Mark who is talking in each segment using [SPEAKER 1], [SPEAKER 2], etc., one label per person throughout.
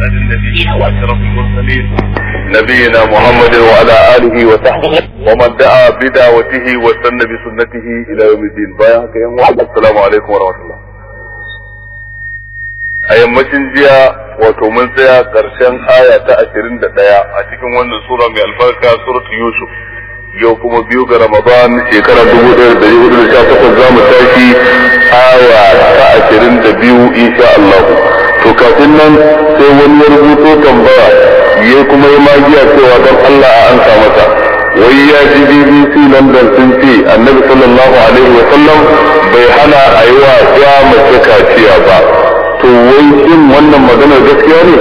[SPEAKER 1] الذي شهوة رب المرسلين نبينا محمد وعلى آله وصحبه ومن دعا بدعوته وسن بسنته إلى يوم الدين السلام عليكم ورحمة الله a yammacin jiya wato mun tsaya ƙarshen aya ta ashirin da ɗaya a cikin wannan sura mai albarka suratu yusuf yau kuma biyu ga ramadan shekara dubu ɗaya da hudu da sha takwas za mu tashi aya ta ashirin da biyu insha allahu to kafin nan sai wani ya rubuto tambaya ya kuma yi magiya cewa don Allah a ansa masa wai ya ji BBC London sun ce annabi sallallahu alaihi wa sallam bai hana a yi wa ya mace kaciya ba to wai shin wannan maganar gaskiya ne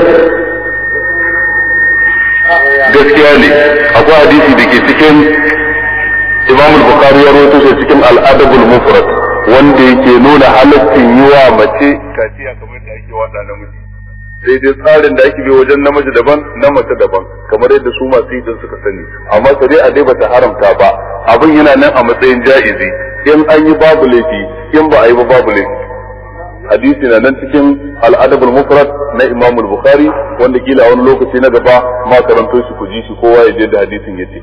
[SPEAKER 1] gaskiya ne akwai hadisi da ke cikin Imam Bukhari ya cikin al'adabul adabul Mufrad wanda yake nuna halittin yi wa mace
[SPEAKER 2] kaciya kamar yadda ake wada
[SPEAKER 1] namiji sai dai tsarin da ake bi wajen namiji daban na mace daban kamar yadda su masu yi suka sani amma a dai bata haramta ba abin yana nan a matsayin ja'izi in an yi babu laifi in ba a yi ba babu laifi hadisi na nan cikin al'adabul mufrad na imamul bukhari wanda kila wani lokaci na gaba ma karanto shi ku ji shi kowa ya je da hadisin yace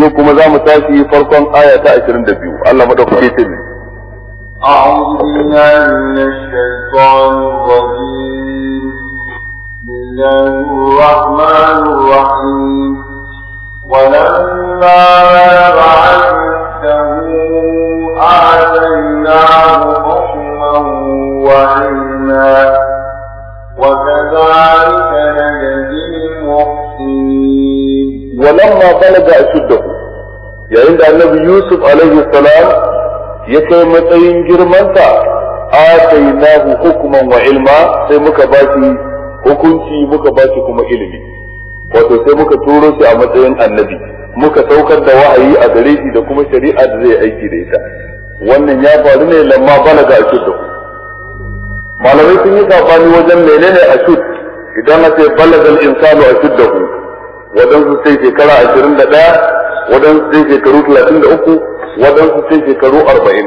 [SPEAKER 1] yau kuma za mu tashi farkon aya ta 22 Allah madaukake ce
[SPEAKER 3] أعوذ بالله من الشيطان الرجيم بسم الله الرحمن الرحيم ولما بعثته آتيناه حكما وعلما وكذلك نجزي المحسنين ولما بلغ أشده يعني عند النبي يوسف عليه السلام ya kai
[SPEAKER 1] matsayin girmanta atainahu hukuman wa ilma sai muka ba shi hukunci muka ba shi kuma ilimi wato sai muka turo shi a matsayin annabi muka saukar da wahayi a gare shi da kuma shari'a da zai aiki da ita wannan ya faru ne lamma balaga a shudda malamai sun yi safani wajen menene a shud idan na sai balagal insanu a shudda wadansu sai shekara ashirin da ɗaya wadansu sai shekaru talatin da uku waɗansu sai shekaru arba'in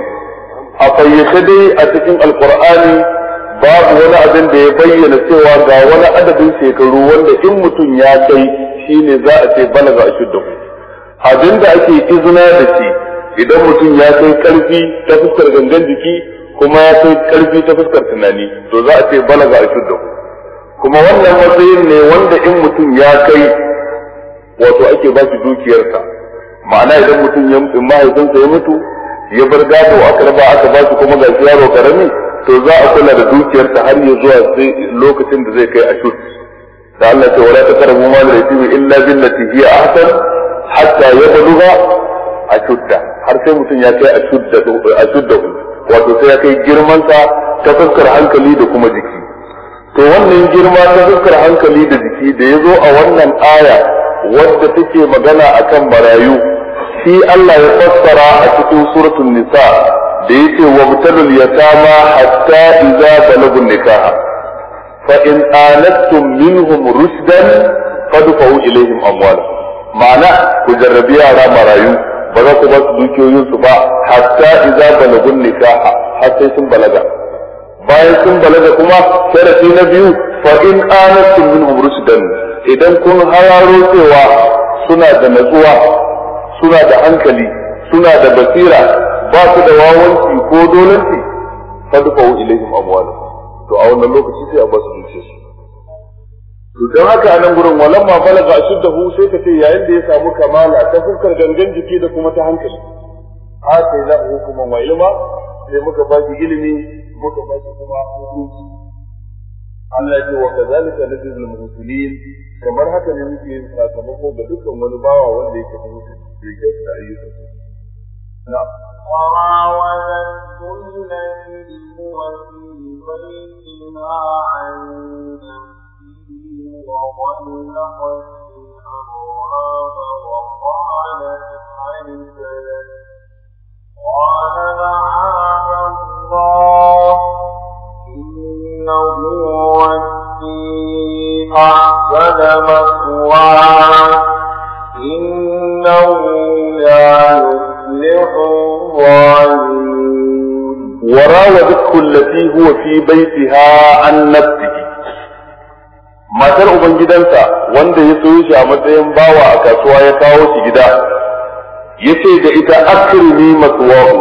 [SPEAKER 1] a fayyace dai a cikin alkur'ani babu wani abin da ya bayyana cewa ga wani adadin shekaru wanda in mutum ya kai shine za a ce balaga ashuddahu abin da ake izina da shi idan mutum ya kai karfi ta fuskar gangan jiki kuma ya kai karfi ta fuskar tunani to za a ce balaga ashuddahu kuma wannan matsayin ne wanda in mutum ya kai wato ake ba shi dukiyarsa ma'ana idan mutum ya mahaifinsa ya mutu ya bar gado aka raba aka ba shi kuma gashi yaro karami to za a kula da dukiyarsa har ya zuwa lokacin da zai kai a shud da Allah ce wala ta taqrabu mal yatimi illa billati hiya ahsan hatta a ashudda har sai mutum ya kai a ashudda ashudda wato sai ya kai girmansa ta fuskar hankali da kuma jiki to wannan girma ta fuskar hankali da jiki da ya zo a wannan aya wadda take magana akan barayu shi Allah ya fassara a cikin suratul nisa da yake mutalul yatama hatta idza balagu nikaha fa in alattum minhum rushdan fadfa'u ilaihim amwal ma'ana ku jarrabi yara marayu ba za ku ba su dukiyoyin su ba hatta idza balagu nikaha har sai sun balaga
[SPEAKER 3] bayan sun balaga kuma sharafi
[SPEAKER 1] na biyu fa in alattum minhum rushdan idan kun hararo cewa suna da natsuwa suna da hankali suna da basira ba su da wawanci ko dolanci fadfa'u ilaihim amwalu to a wannan lokaci sai a ba su dukiya su to don haka a nan gurin walan ma balaga ashuddahu sai ka ce yayin da ya samu kamala ta fuskar gangan jiki da kuma ta hankali
[SPEAKER 3] a sai za hukuman wa ilma sai muka ba shi ilimi muka ba shi kuma hukunci Allah ya ce wa
[SPEAKER 1] kazalika najzil muhsinin kamar haka ne muke yin sakamako ga dukkan wani bawa wanda
[SPEAKER 3] yake da mutum bai da ayyukansa na وراودته التي هو في بيتها عن نفسه وغلقت الابواب وقالت حيث لك قال معاذ الله انه ربي أحسن مثواه إنه لا يفلح وراودته التي هو في بيتها عن نفسه
[SPEAKER 1] matar ubangidansa wanda ya soyo shi a matsayin bawa a kasuwa ya kawo shi gida ya ce da ita akrimi masuwahu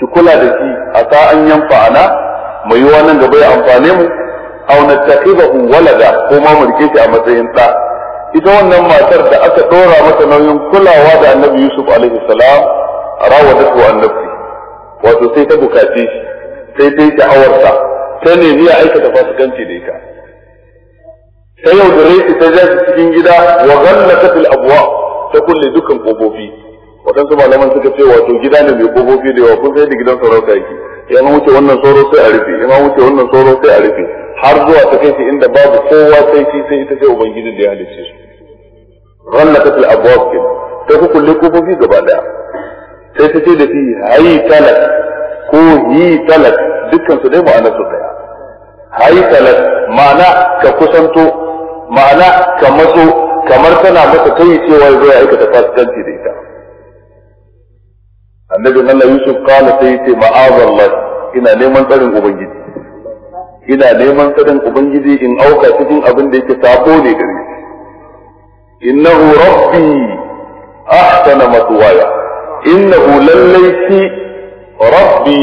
[SPEAKER 1] ki kula da shi a sa'an 'yan fa'ana, mai yiwa nan gaba ya amfane mu aw nattakhidahu walada ko ma mu shi a matsayin ɗa ita wannan matar da aka ɗora mata nauyin kulawa da annabi yusuf alaihi salam rawadatu an nafsi wato sai ta bukace shi sai ta yi sha'awarsa ta nemi aikata fasikanci da ita ta yaudare ta ja shi cikin gida wa ghallaqat al abwa ta kulle dukan kofofi waɗansu malaman suka ce wato gida ne mai kofofi da yawa kun sai da gidan sarauta yake ma wuce wannan sauro sai a rufe ma wuce wannan sauro sai a rufe har zuwa ta kai inda babu kowa sai shi sai ita sai ubangiji da ya halicce su ta fil abwab ke ta ku kulle kofofi gaba daya sai ta ce da fi hayi talak ko yi talak dukkan su dai ma'ana su daya hayi talak ma'ana ka kusanto ma'ana ka matso kamar tana masa kai cewa zai aikata fasikanci da ita annabi Allah Yusuf kala sai yace ma'azallah ina neman tsarin ubangiji ina neman tsarin ubangiji in auka cikin abin da yake sako ne gare shi innahu rabbi ahsana matwaya innahu lallai shi rabbi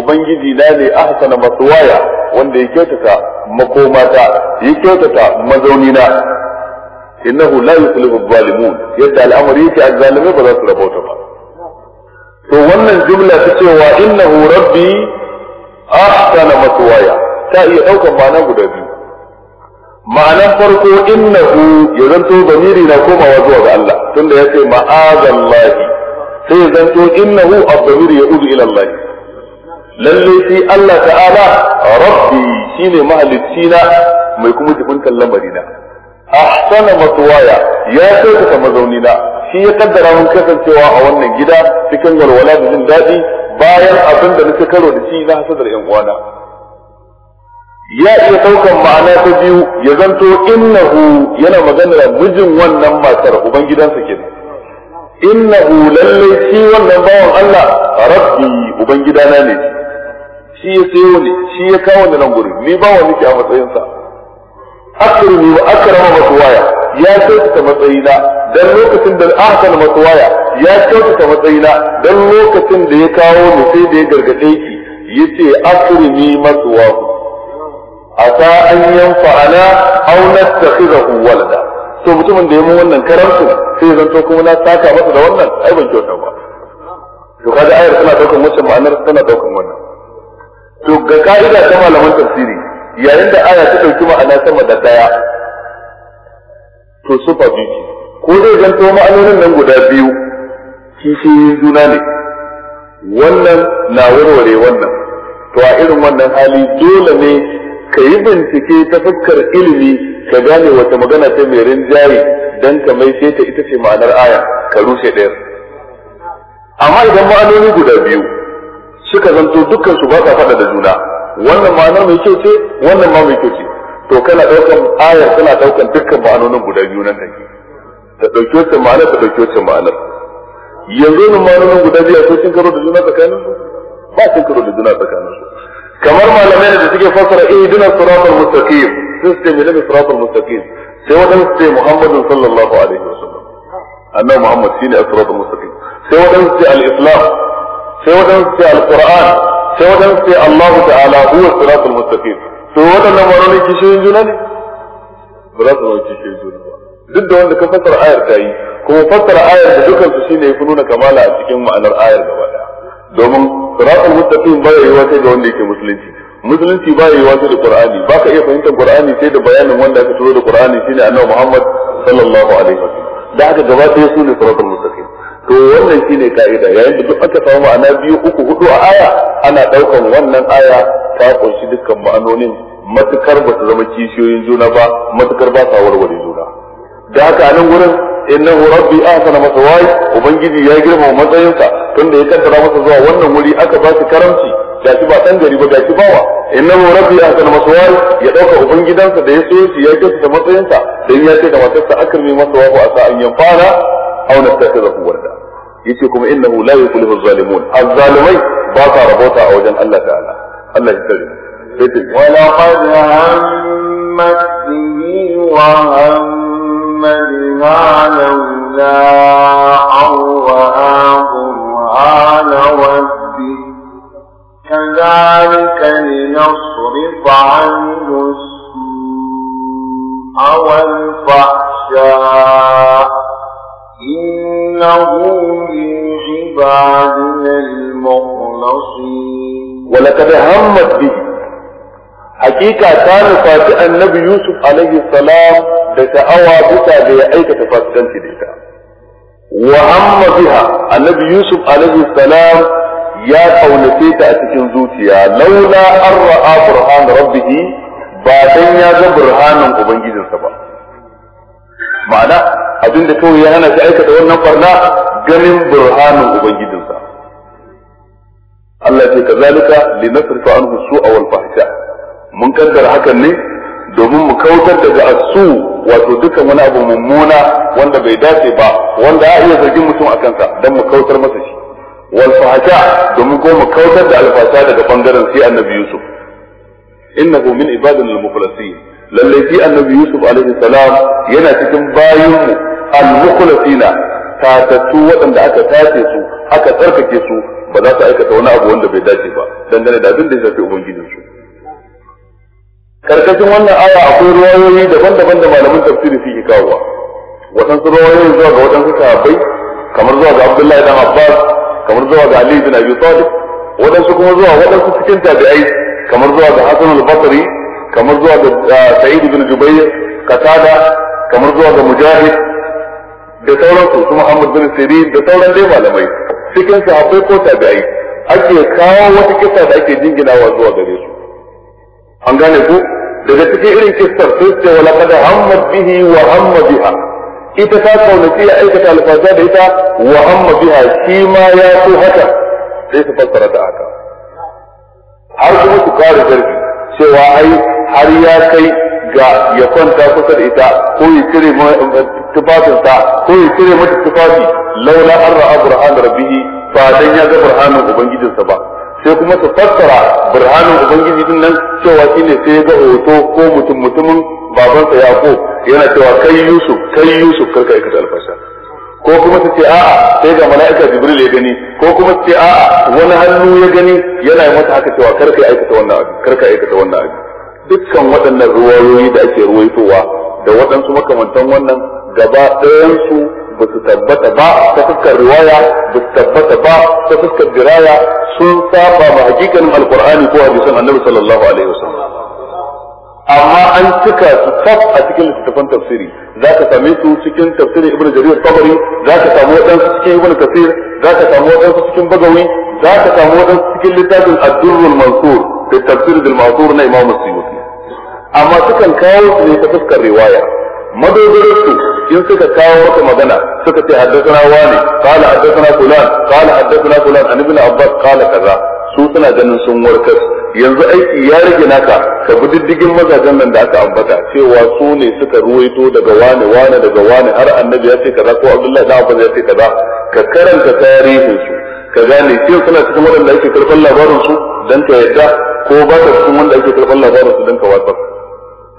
[SPEAKER 1] ubangiji na ne ahsana matwaya wanda ya kyautata
[SPEAKER 3] makomata
[SPEAKER 1] ya kyautata mazaunina innahu la yuflihu adh-dhalimun yadda al'amari yake azzalimai ba za su rabota
[SPEAKER 3] to wannan jumla ta cewa
[SPEAKER 1] innahu rabbi ahsana matwaya ta iya daukar ma'ana guda biyu ma'anan farko innahu ya zanto zamiri na komawa zuwa ga Allah tunda ya ce ma'azallahi sai ya zanto innahu abdamiri ya uzu ila Allah lalle shi Allah ta'ala rabbi shine mahalicci na mai kuma jibin lamari na ahsana matwaya ya kyautata mazauni na shi ya kaddara mun kasancewa a wannan gida cikin walwala da jin daɗi bayan abin da nake karo da shi na hasadar yan uwana ya iya ɗaukan ma'ana ta biyu ya zanto innahu yana magana da mijin wannan matar ubangidansa ke. innahu lalle shi wannan bawan Allah rabbi ubangidana ne shi ya sayo ne shi ya kawo ni nan gurin ni bawan nake a matsayinsa akrimi wa akrama waya. ya kyautata matsayina dan lokacin da ahsana matwaya ya kyautata matsayina dan lokacin da ya kawo ni sai da ya gargade ki yace akrimi matwa asa an yanfa'ana aw nattakhidahu walada to mutumin da ya mun wannan karamcin sai zan to kuma na saka masa da wannan ai ban kyauta ba to kaga ayar tana daukan wannan ma'anar tana daukan wannan to ga ka'ida ta malaman tafsiri yayin da aya ta dauki ma'ana sama da daya to fa biki ko zai zanto ma'anonin nan guda biyu kishiyoyin juna ne wannan na warware wannan to a irin wannan hali dole ne ka yi bincike ta fuskar ilimi ka gane wata magana ta mai rinjaye dan ka mai ta ita ce ma'anar aya ka rushe ɗaya amma idan ma'anoni guda biyu suka zanto dukkan su ba sa faɗa da juna wannan
[SPEAKER 3] ma'anar mai kyau ce
[SPEAKER 1] wannan ma mai kyau ce to kana daukan ayar tana daukan dukkan ma'anonin guda biyu nan take ta dauke wacce ma'anar ta dauke wacce ma'anar yanzu nan ma'anonin guda biyu ko cin karo da juna tsakanin su ba cin karo da juna tsakanin su kamar malamai da suke fassara eh ihdina siratal mustaqim sun ce menene siratal mustaqim sai wadansu ce muhammadin sallallahu alaihi wasallam annabi muhammad shine siratal mustaqim sai wadansu ce al-islam sai wadansu ce al-qur'an sai wadansu ce Allah ta'ala huwa siratal mustaqim
[SPEAKER 3] to waɗannan ma'anonin kishiyoyin juna ne
[SPEAKER 1] ba za su zama kishiyoyin juna ba duk da wanda ka fassara ayar ta yi kuma fassara ayar da dukan su shine ya fi nuna kamala a cikin ma'anar ayar gaba ɗaya domin siratul mustaqim ba ya yi wata ga wanda yake musulunci musulunci ba ya yi wata da qur'ani ba ka iya fahimtar qur'ani sai da bayanin wanda aka turo da qur'ani shine annabi muhammad sallallahu alaihi wasallam da haka gaba ɗaya su ne siratul mustaqim to wannan shi ne ka'ida yayin da duk aka samu ma'ana biyu uku hudu a aya ana daukan wannan aya ta kunshi dukkan ma'anonin matukar ba su zama kishiyoyin juna ba matukar ba sa warware juna da haka nan gurin inna rabbi ahsana masawai ubangiji ya girma matsayinsa tunda ya kaddara masa zuwa wannan wuri aka ba shi karamci shi ba dan gari ba gashi bawa inna rabbi ahsana masawai ya dauka ubangidansa da ya so shi ya da matsayinsa dan ya ce da matarsa akrimi a sa an yanfara aw nastakhirahu warda yace kuma innahu la yuflihu zalimun az-zalimai ba ta rabota a wajen Allah ta'ala Allah ya tsare sai wa laqad
[SPEAKER 3] hammat bihi wa hamma biha lawla awra'ahu ala rabbi كذلك لنصرف عنه السوء والفحشاء إنه من عبادنا المخلصين ولقد همت به
[SPEAKER 1] حقيقة كان فاتئ النبي يوسف عليه السلام لتأوى بها ليأيك تفاتئا تلك وهم بها النبي يوسف عليه السلام يا قولتيك أتكن زوتيا لولا أن رأى برهان ربه بعدين يا برهانا أبنجي السبب ma'ana abinda kawai ya hana shi aikata wannan farna ganin burhanin ubangijinsa Allah ce kazalika linasrifa anhu su'a wal fahsha mun kaddara hakan ne domin mu kautar daga asu wato dukkan wani abu mummuna wanda bai dace ba wanda a iya zargin mutum a kansa don mu kautar masa shi wal fahsha domin ko mu kautar da alfasha daga bangaren sai annabi Yusuf innahu min ibadina al-mukhlasin lalle shi annabi yusuf alaihi salam yana cikin bayinmu al-mukhlasina tatattu waɗanda aka tace su aka tsarkake su ba za su aikata wani abu wanda bai dace ba dangane da abin da ya shafi su. karkashin wannan aya akwai ruwayoyi daban-daban da malamin tafsiri suke kawowa waɗansu ruwayoyi zuwa ga waɗansu sahabbai kamar zuwa ga abdullahi dan abbas kamar zuwa ga ali bin abi talib waɗansu kuma zuwa waɗansu cikin tabi'ai kamar zuwa ga hasan al-basri kamar zuwa ga ah, Sa'id ibn Jubayr Qatada kamar zuwa ga Mujahid da sauran su Muhammad bin Sirin da sauran dai malamai cikin akwai ko tabi'ai ake kawo wata kisa da ake jinginawa zuwa gare su an gane ku daga cikin irin kistar sai ce wala qad hamma bihi wa hamma biha ita ta kaunaci ya aikata alfasa da ita wa hamma biha shi ma ya so haka sai su fassara ta haka har kuma su kare zargi cewa ai har ya kai ga ya kwanta kusa da ita ko ya cire um, tufafinsa ko ya cire mata tufafi laula an ra'a burhanu rabbihi ba dan ya ga burhanin ubangijinsa ba sai kuma su fassara burhanin ubangiji din nan cewa shine sai ya ga hoto ko mutum mutumin babansa yaqub yana cewa kai yusuf kai yusuf kar ka aikata alfasha ko kuma su ce a'a sai ga mala'ika jibril ya gani ko kuma su ce a'a wani hannu ya gani yana yi mata haka cewa karka aikata wannan abu ka aikata wannan abu dukkan waɗannan ruwayoyi da ake ruwaitowa da waɗansu makamantan wannan gaba ɗayansu ba su tabbata ba ta fuskar riwaya ba su tabbata ba ta fuskar diraya sun saba ma hakikanin alkur'ani ko hadisan annabi sallallahu alaihi amma an cika su tsaf a cikin littattafan tafsiri za ka same su cikin tafsirin ibnu jarir tabari za ka samu waɗansu cikin ibnu kasir za ka samu waɗansu cikin bagawi za ka samu waɗansu cikin littafin ad-durrul mansur da tafsirin al-mansur na imam suyuti amma sukan kawo su ne ta fuskar riwaya madogararsu in suka kawo maka magana suka ce haddathana wani qala haddathana kulan, kala haddathana kulan an ibn abbas kala kaza su suna ganin sun warkar yanzu aiki ya rage naka ka bi diddigin mazajen nan da aka ambata cewa su ne suka ruwaito daga wani wani daga wane har annabi ya ce kaza ko abdullahi da abbas ya ce kaza ka karanta tarihin su ka gane shin suna cikin waɗanda ake karɓar labarin su dan yadda ko ba ta cikin wanda ake karɓar labarin su dan ka watsar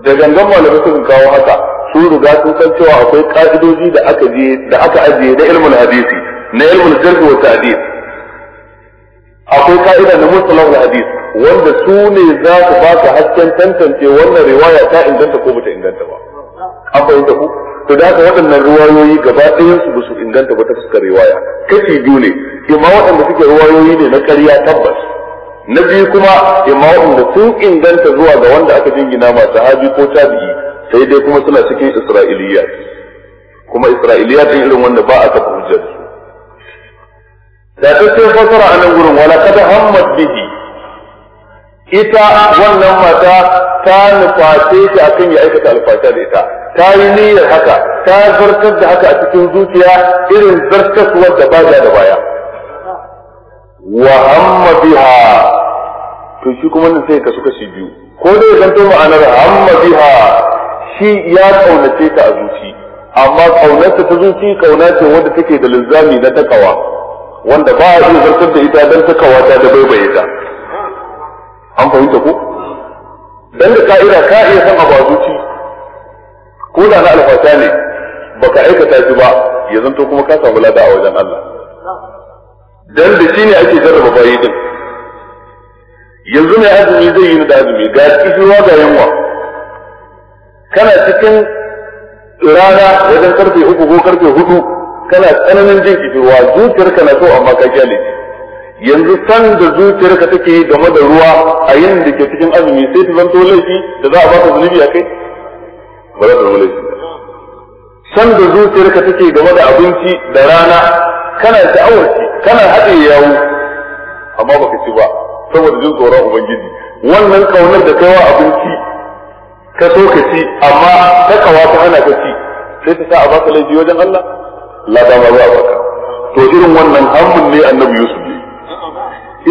[SPEAKER 1] da gangan malamai suka kawo haka su riga sun san cewa akwai ka'idoji da aka je da aka ajiye na ilmul hadisi na ilmul jarh wa ta'dil akwai ka'ida na mustalah hadis wanda su ne za su ba ka hasken tantance wannan riwaya ta inganta ko bata inganta ba akwai fahimta ku to da haka waɗannan riwayoyi gaba ɗayan su su inganta ba ta fuskar riwaya kashi biyu ne imma waɗanda suke riwayoyi ne na ƙarya tabbas na biyu kuma imma da sun inganta zuwa ga wanda aka jingina masu haji ko tabi'i sai dai kuma suna cikin isra'iliya kuma isra'iliya din irin wanda ba a taɓa hujjar su
[SPEAKER 3] da tattace fasara a nan gurin wala kada hammad bihi
[SPEAKER 1] ita wannan mata ta nuface ta akan ya aikata alfata da ita ta yi niyyar haka ta zartar da haka a cikin zuciya irin zartar da ba da baya
[SPEAKER 3] wa amma
[SPEAKER 1] biha to shi kuma nan sai ka suka shi biyu ko dai to ma'anar amma biha shi ya kaunace ta a zuci amma kaunarsa ta zuci kauna ce wanda take da linzami na takawa wanda ba a iya zartar da ita don takawa ta da baibaye ta an fahimta ko dan da ka'ira ka iya san abu a zuci ko da na alfata ne baka aikata shi ba ya zanto kuma ka samu lada a wajen Allah
[SPEAKER 2] dan da shi ne ake jarraba
[SPEAKER 1] bayi din yanzu mai azumi zai yi da azumi ga kishiwa ga yunwa kana cikin rana wajen karfe uku ko karfe hudu kana tsananin jin kishiwa zuciyarka na so amma ka kyale yanzu san da zuciyarka take game da ruwa a yin da ke cikin azumi sai ta zanto laifi da za a baka zunubi a kai ba za ta zama laifi san da zuciyarka take game da abinci da rana kana sha'awar kana haɗe yawo amma baka ci ba saboda jin tsoron ubangiji wannan kaunar da kaiwa abinci ka so ka ci amma ta kawa ta hana ka ci sai ta sa a baka laifi wajen Allah la ma za a baka to irin wannan hammun ne annabi Yusuf ne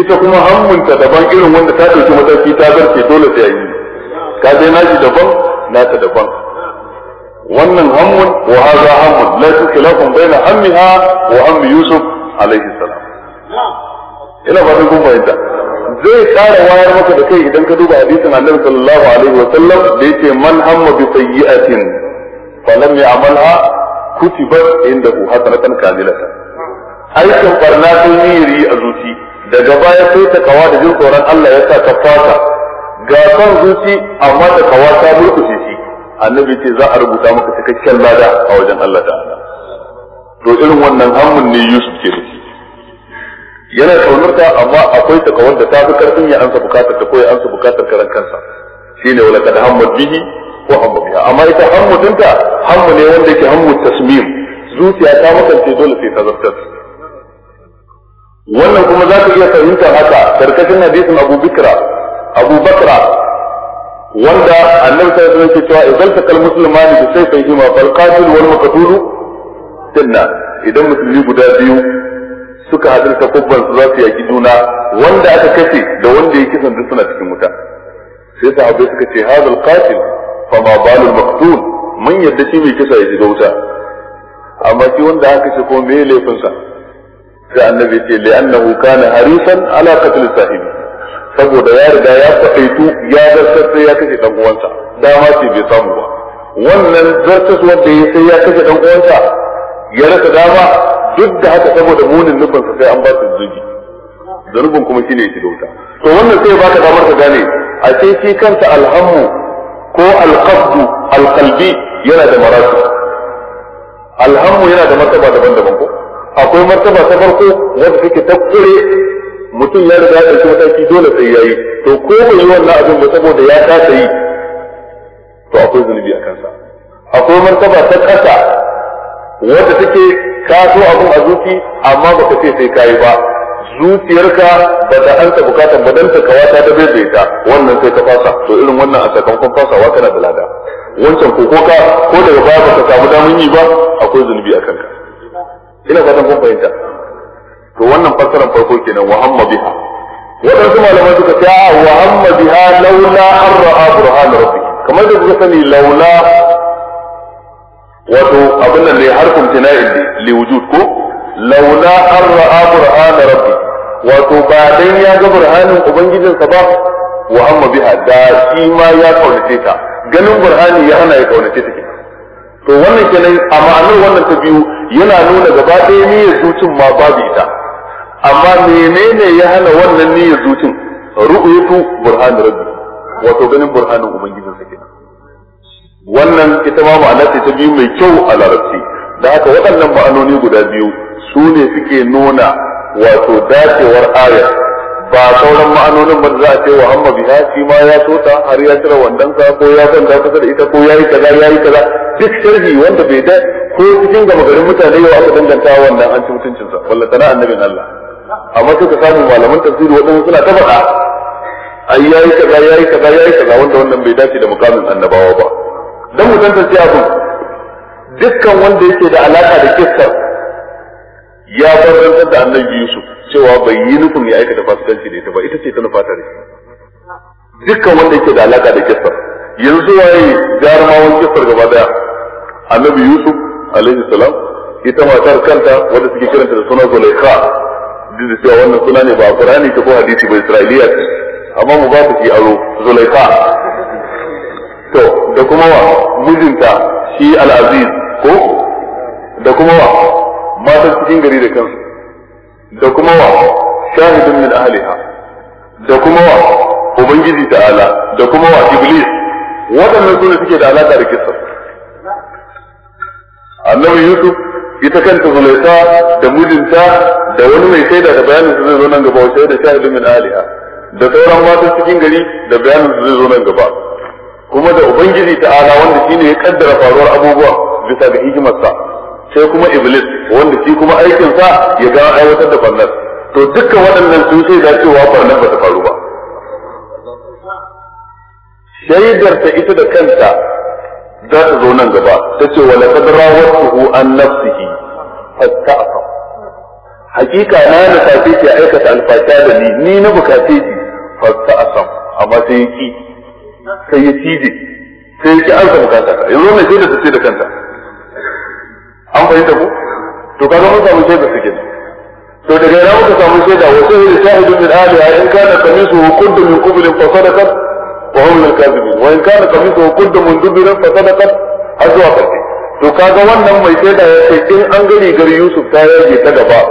[SPEAKER 1] ita kuma hammunta daban irin wanda ta ɗauki mataki ta zarce dole sai yi ka dai naji daban nata daban wannan hammun wa hadha hammun la tukilafun baina hammiha wa hammi Yusuf alaihi salam ina ba kun fahimta zai ƙara wayar maka da kai idan ka duba hadisin annabi sallallahu alaihi wa sallam da yake man hamma bi sayyi'atin falam ya'malha kutibat indahu hasanatan kamilatan
[SPEAKER 3] aikin barna sun yi a
[SPEAKER 1] zuci daga baya sai ta kawa da jin tsoron Allah ya sa ka fata ga son zuci amma da kawa ta burkushe shi annabi ce za a rubuta maka cikakken lada a wajen Allah ta'ala to irin wannan hamun ne Yusuf ke ciki yana kaunar ta amma akwai ta takawar da ta fi karfin ya ansa bukatar ta ko ya ansa bukatar karan kansa shine wala kad hammad bihi ko hammu biha amma ita hammu dinta hammu ne wanda yake hammu tasmim zuciya ta makance dole sai ta zartar wannan kuma za ka iya fahimtar haka karkashin hadisin Abu Bakra Abu Bakra wanda annabi ta alaihi wasallam ke cewa idan ta muslimani bi sayfihi ma fal qatil wal maqtul dinna idan musulmi guda biyu suka haɗu da takubban su za su yaki juna wanda aka kashe da wanda ya kisan duk suna cikin wuta sai sahabbai suka ce hazal qatil fa ma balul maqtul mun yadda shi mai kisa ya shiga wuta amma shi wanda aka kashe ko me laifinsa sai annabi ce li'annahu kana harisan ala qatl sahibi saboda ya riga ya faɗaitu ya zartar sai ya kashe dan uwansa dama ce bai samu ba wannan zartaswar wanda ya sai ya kashe dan uwansa ya rasa dama duk da haka saboda munin nufin sa sai an ba su zubi zanubin kuma shine ya shiga wuta to wannan sai baka damar ka gane a sai shi kanta alhammu ko alqasdu alqalbi yana da maratu alhammu yana da martaba daban-daban ko akwai martaba ta farko wanda take ta kure mutum ya riga ya ɗauki mataki dole sai yayi to ko bai yi wannan abin ba saboda ya kasa yi to akwai zunubi a kansa akwai martaba ta kasa wanda take ka so abin a zuci amma ba ka ce sai ka yi ba zuciyarka ba ta ansa bukatan ba dan takawata ta bai bai wannan sai ka fasa to irin wannan a sakamakon fasawa kana da lada wancan ko ko ka ko daga baya ba ka samu damun yi ba akwai zunubi a kanka ina fatan kun fahimta to wannan fassarar farko kenan wa hamma biha waɗansu malamai suka ce a wa hamma biha laula an ra'a burhan rabbi kamar da kuka sani laula wato abin nan ne harfin tina'in ne li wujud ko launa an ra'a qur'ana rabbi wato ba dan ya ga burhanin ubangijinsa ba wa amma biha da shi ma ya kaunace ta ganin burhani ya hana ya kaunace ta to wannan kenan a ma'anar wannan ta biyu yana nuna gaba ɗaya niyyar zucin ma babu ita amma menene ya hana wannan niyyar zucin ru'yatu burhan rabbi wato ganin burhanin ubangijinsa kenan wannan ita ma ma'ana ce ta biyu mai kyau a larabci da haka waɗannan ma'anoni guda biyu su ne suke nuna wato dacewar aya ba sauran ma'anonin ba za a ce wa amma biha shi ma ya ta har ya cire wandonsa ko ya kwanta kusa da ita ko ya yi kaza ya yi kaza duk sharhi wanda bai da ko cikin gama garin mutane yau aka danganta wannan an ci mutuncinsa wallata tana annabin Allah amma sai ka samu malaman tafsiri waɗansu suna ta faɗa ai yayi kaza yayi kaza yayi kaza wanda wannan bai dace da mukamin annabawa ba don mu tantance abu dukkan wanda yake da alaka da kissar ya barrantar da annabi Yusuf cewa bai yi nufin ya aikata fasikanci da ita ba ita ce ta nufa tare dukkan wanda yake da alaka da kissar yanzu waye jarumawan kissar gaba daya annabi Yusuf alaihi salam ita matar kanta wanda suke kiranta da suna Zulaikha duk da cewa wannan suna ne ba Qur'ani ko hadisi ba Isra'iliya amma mu ba ku ki aro Zulaikha to da kuma wa mijinta shi al'aziz ko da kuma wa matan cikin gari da kansu da kuma wa shahidun min ahliha da kuma wa ubangiji ta'ala da kuma wa iblis waɗannan su ne suke da alaƙa da kissa annabi yusuf ita kanta zulaita da mijinta da wani mai shaida da bayanin su zai zo nan gaba wa shaida shahidun min ahliha da sauran matan cikin gari da bayanin su zai zo nan gaba kuma da ubangiji ta'ala wanda shine ya kaddara faruwar abubuwa bisa ga hikimarsa sai kuma iblis wanda shi kuma aikinsa ya ga aiwatar da farnar to dukkan waɗannan sun da cewa farnar ba ta faru ba shaidarta ita da kanta za ta zo nan gaba ta ce wala kad rawatuhu an nafsihi fasta'fa hakika na na tafi ke aikata alfata da ni ni na bukace ki a amma sai ki sai ya cije sai ya ki an samu kasa yanzu wannan sai da ce da kanta an fahimta ko to kaga mun samu sai su kenan to daga yana muka samu shaida wa sai da shahidu min ahliha in kana qamisu qudda min qublin fa sadaqat wa hum lil kadhibin wa in kana qamisu qudda min dubrin fa sadaqat har zuwa karshe to kaga wannan mai sai ya ce in an gani gari Yusuf ta yage ta gaba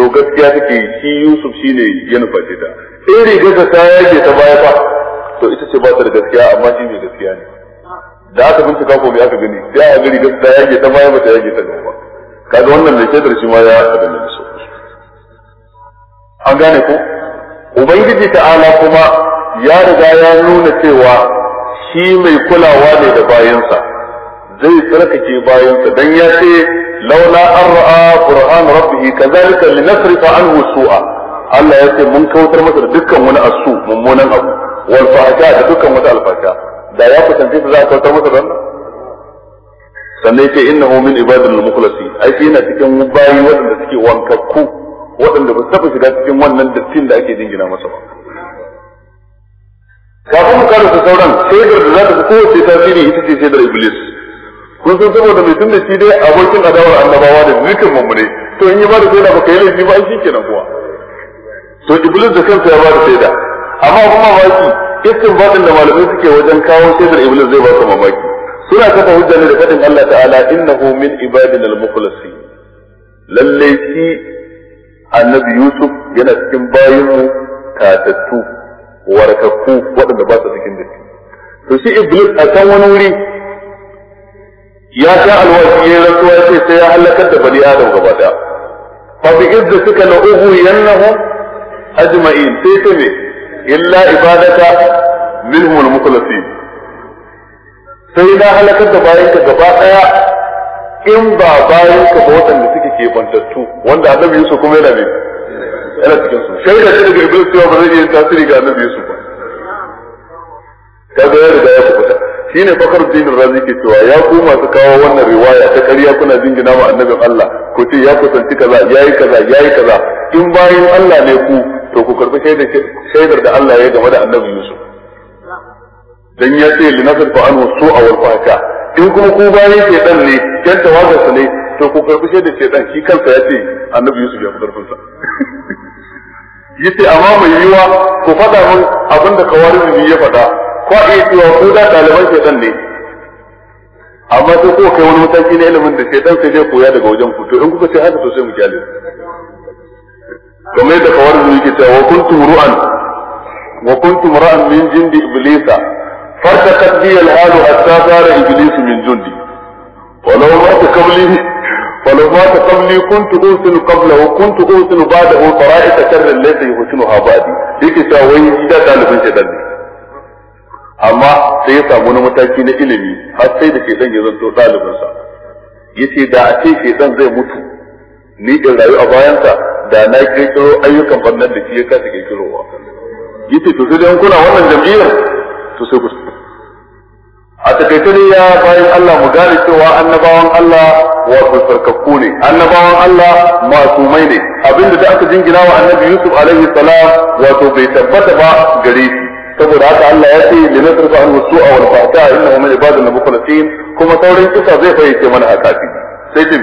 [SPEAKER 1] to gaskiya take shi Yusuf shine ya nufa ta in rigarsa ta yage ta baya fa to ita ce ba ta da gaskiya amma shi mai gaskiya ne da aka bincika ko me aka gani sai a gani gaskiya yage ta baya bata yage ta gaba kaga wannan mai kedar shi ma ya abin da su an gane ko ubangiji ta'ala kuma ya riga ya nuna cewa shi mai kulawa ne da bayansa zai tsarkake bayansa dan ya ce laula an ra'a qur'an rabbihi kazalika linasrifa anhu su'a Allah ya ce mun kautar masa da dukkan wani asu mummunan abu wal da dukkan wata alfasha da ya kusance su za a kautar masa yana cikin bayi waɗanda suke waɗanda ba su taɓa shiga cikin wannan dattin da ake jingina masa
[SPEAKER 3] kafin mu sauran shaidar
[SPEAKER 1] da za ita shaidar iblis kun san saboda mai shi dai abokin adawar annabawa da zikin mummune to in yi ba da shaida ba ka yi laifi ba shi kenan kuwa to iblis da kansa ya ba da shaida amma kuma mamaki iskin batin da malamai suke wajen kawo shaidar iblis zai ba su mamaki suna kafa hujja ne da fadin Allah ta'ala innahu min ibadina al-mukhlasin lalle shi annabi Yusuf yana cikin bayinmu tatattu warakakku waɗanda ba su cikin datti to shi iblis a kan wani wuri ya sha alwashi ya rantsuwa ya ce sai ya halakar da bani adam gaba daya fa bi idda suka na uhu yannahu ajma'in sai ta me illa ibadaka minhum al-mukhlasin sai na halakar da bayan ka gaba daya in ba bayan ka ba waɗanda suke ke bantattu wanda annabi Yusuf kuma yana ne yana cikin su shaida ce daga Iblis cewa ba zai yi tasiri ga annabi Yusuf ba kaga ya riga ya kubuta shine fakar dinin razi ke cewa ya ku masu kawo wannan riwaya ta ƙarya kuna jingina ma annabin Allah ku ce ya kusanci kaza yayi kaza yayi kaza in bayan Allah ne ku to ku karbi shaidar da Allah ya game da annabi Yusuf dan ya ce li nasr fa wasu aw al fata in kuma ku bayan dan ne dan tawaga su ne to ku karbi shaidar dan shi kansa ya ce annabi Yusuf ya fi karfin sa yace amma mai yiwa ku faɗa mun abinda kawarin ne ya fada ko a yi cewa ku da ke dan ne amma sai ko kai wani mataki na ilimin da dan sai zai koya daga wajen ku to in kuka ce haka to sai mu kyale game da kawar da yake cewa kuntum ru'an wa kuntum ra'an min jindi iblis fartaqat bi al-halu hatta sara iblis min jindi walau ma taqabli walau ma taqabli kuntu usnu qabla wa kuntu usnu ba'da wa qara'at sharr alladhi yusnu habadi yake cewa wai da dalibin shi dalibi amma sai ya samu na mataki na ilimi har sai da ke zan yi zanto dalibinsa yace da a ce ke zan zai mutu ni in rayu a bayansa da na kirkiro ayyukan bannan da shi ya kasa kirkirowa yace to sai dan kuna wannan jam'iyyar to sai ku a takaice ne ya bayan Allah mu gane cewa annabawan Allah wato sarkakku ne annabawan Allah masumai ne abinda da aka jingina wa annabi Yusuf alaihi salam wato bai tabbata ba gare shi saboda haka Allah ya ce li nasrifa anhu a wal fahsha Inna min ibadina mukhlasin kuma sauran kisa zai fayyace mana a kafi
[SPEAKER 3] sai tin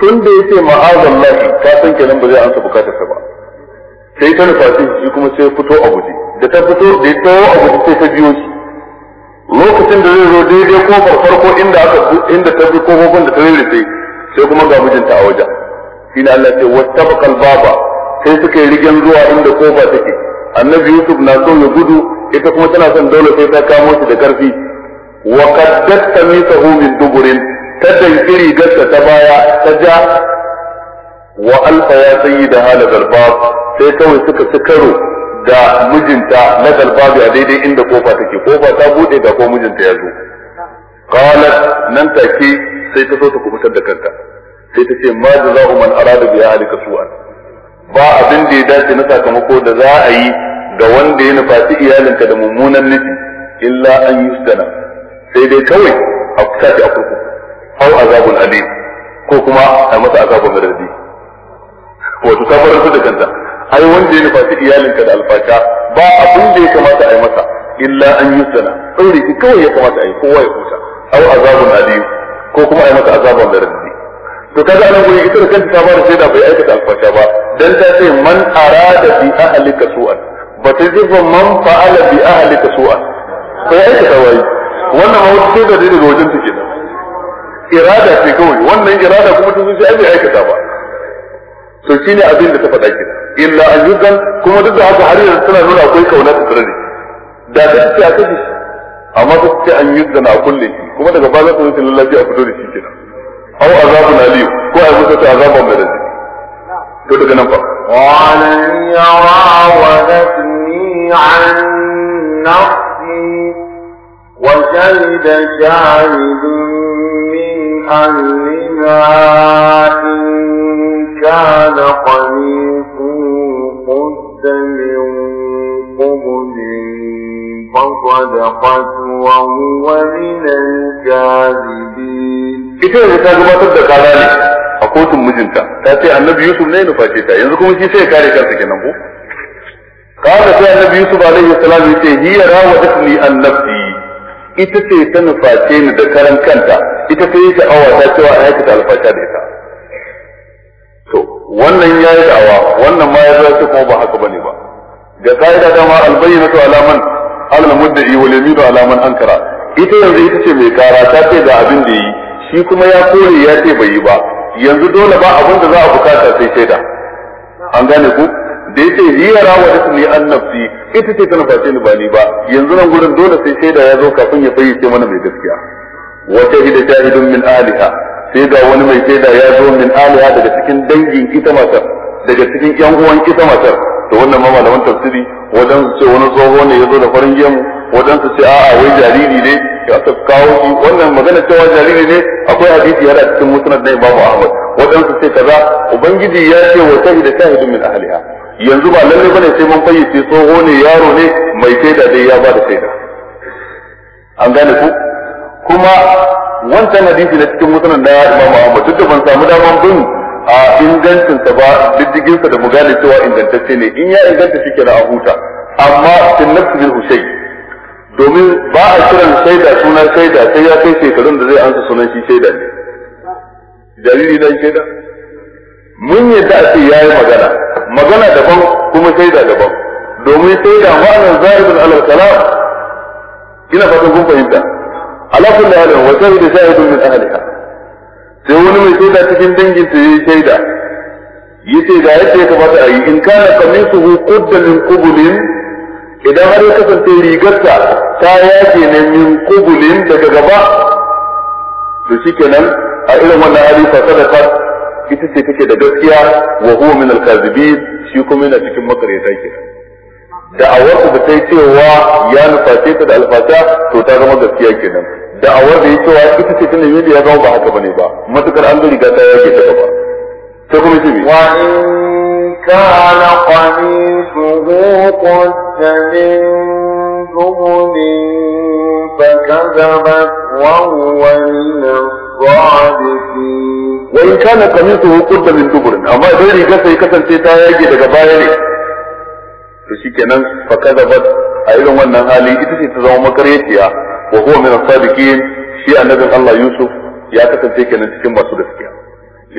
[SPEAKER 3] tun da ya ce ma'azan lafi ka san kenan
[SPEAKER 1] ba zai ansa ta ba sai ta nufaci shi kuma sai fito a guje da ta fito da ya tawo a guje sai ta biyo shi lokacin da zai zo daidai kofar farko inda aka inda ta bi kofofin da ta rarrafe sai kuma ga mijinta a wajen shi na Allah ce bakal baba sai suka yi rigen zuwa inda kofa take annabi yusuf na son ya gudu ita kuma tana son dole sai ta kamo shi da karfi wa mi sahu min duburin ta danki rigarsa ta baya ta ja wa alfa ya sanyi da hala galbab sai kawai suka ci karo da mijinta na galbabi a daidai inda kofa take kofa ta bude ga ko mijinta ya zo qalat nan take sai ta so ta kubutar da kanta sai ta ce ma zahu man arada bi ahlika su'an ba abin da ya dace na sakamako da za a yi da wanda ya nufaci iyalinka da mummunan nufi illa an yusdana sai dai kawai a kusa a kurkuku aw azabun adi ko kuma a masa azabun radadi wato ta farko da kanta ai wanda ya nufaci iyalinka da alfaka ba
[SPEAKER 3] abin da ya kamata
[SPEAKER 1] a yi masa illa an yi sana ɗaure ki kawai ya kamata a yi kowa ya huta aw azabun adi ko kuma a yi masa azabun radadi to kaga anan gurin ita da kanta ta fara shaida bai aikata alfasha ba dan ta ce man arada bi ahlika su'an ba ta zuba man fa'ala bi ahlika su'an bai aikata wai wannan ma wata shaida dai daga wajen take nan irada ce kawai wannan irada kuma tun zuci bai aikata ba to shine abin da ta faɗa kina illa an ayyukan kuma duk da haka har yanzu tana nuna akwai kauna ta tsare da ta ce a kashi amma ta ce an yi zana a kulle kuma daga baya za ta zuci lallabi a fito da shi kina aw azabu aliyu ko a zuci ta azaban mai razi to daga nan fa wa lan
[SPEAKER 3] قال هي an عن wa وشهد شاهد أهلها إن كان قميصه قد من قبل فصدقت وهو من الكاذبين. ita yanzu ta gabatar da kara ne a kotun mijinta ta ce
[SPEAKER 1] annabi yusuf ne ya ce ta yanzu kuma shi sai ya kare kansa kenan ko kada sai annabi yusuf alaihi salam yace hiya rawadatni an nafsi ita ce ta nuface ni da karan kanta ita ta yi sha'awa ta cewa a aikata alfasha da ita to wannan ya yi da'awa wannan ma ya zai kuma ba haka bane ba ga ka'ida dama albayyana to alaman alal mudda'i wal da alaman ankara ita yanzu ita ce mai kara ta ce da abin da yi shi kuma ya kore ya ce bai yi ba yanzu dole ba abin da za a bukata sai shaida an gane ku da yake hiya rawa da ni annabi ita ce ta nuface ni ba ni ba yanzu nan gurin dole sai shaida ya zo kafin ya fayyace mana mai gaskiya wa shahida shahidun min aliha sai ga wani mai shaida ya zo min aliha daga cikin dangin ita matar daga cikin yan uwan ita matar to wannan ma malaman tafsiri wajen su ce wani tsoho ne ya zo da farin gemu wajen su ce a'a wai jariri ne ya ta kawo shi wannan magana cewa jariri ne akwai hadisi yana cikin musnad na Imam Ahmad wadansu su ce kaza ubangiji ya ce wa shahida shahidun min ahliha yanzu ba lalle bane sai mun fayyace tsoho ne yaro ne mai shaida dai ya ba da shaida an gane ku kuma wancan hadisi na cikin mutanen da Imam Ahmad duk da ban samu daman bin a ingancinsa ba sa da mu gane cewa ingantacce ne in ya inganta shi ke a huta amma tin nafsi bil hushai domin ba a kiran shaida suna shaida sai ya kai shekarun da zai ansa sunan shi shaida ne jariri dan shaida mun yadda a ce yayi magana
[SPEAKER 2] magana daban
[SPEAKER 1] kuma shaida daban domin shaida ma'anar zahibin alaƙala ina fatan kun fahimta ala kulli halin wa shahida shahidun min ahliha sai wani mai shaida cikin dangin ta yi shaida yace ga yadda ya kamata a yi in kana su qudda min kubulin idan har ya kasance rigarsa ta yake ne min kubulin daga gaba to kenan a irin wannan hali sadaka ita ce take da gaskiya wa huwa min al-kazibin shi kuma yana cikin makaryata kenan da'awar da ta cewa ya nuface ta da alfata to ta zama gaskiya kenan da'awar da ya cewa ita ce ta nemi da ya zama ba haka bane ba matukar an riga ta yake ta gaba sai kuma ce
[SPEAKER 3] wa in kana qamisuhu qad min فكذبت وهو من الصادقين wa in kana qamisuhu qudda min
[SPEAKER 1] dubur amma idan riga sai kasance ta yage daga baya ne to shikenan fa kadabat a irin wannan hali ita ce ta zama makaryaciya wa huwa min as-sadiqin shi annabin Allah Yusuf ya kasance kenan cikin masu gaskiya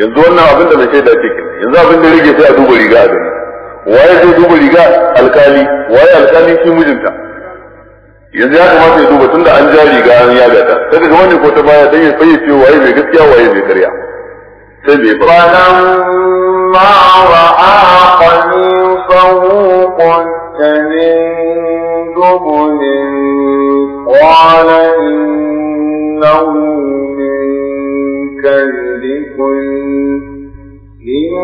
[SPEAKER 1] yanzu wannan abin da zai da cikin yanzu abin da rige sai a duba riga a gani waye zai duba riga alkali waye alkali shi mijinta yanzu ya kamata ya duba tunda an ja riga an yaga ta sai daga wani ko ta baya dan ya fayyace waye mai gaskiya waye mai karya فلما
[SPEAKER 3] رأى قميصه قد من دبل قال إنه من كيدكن إن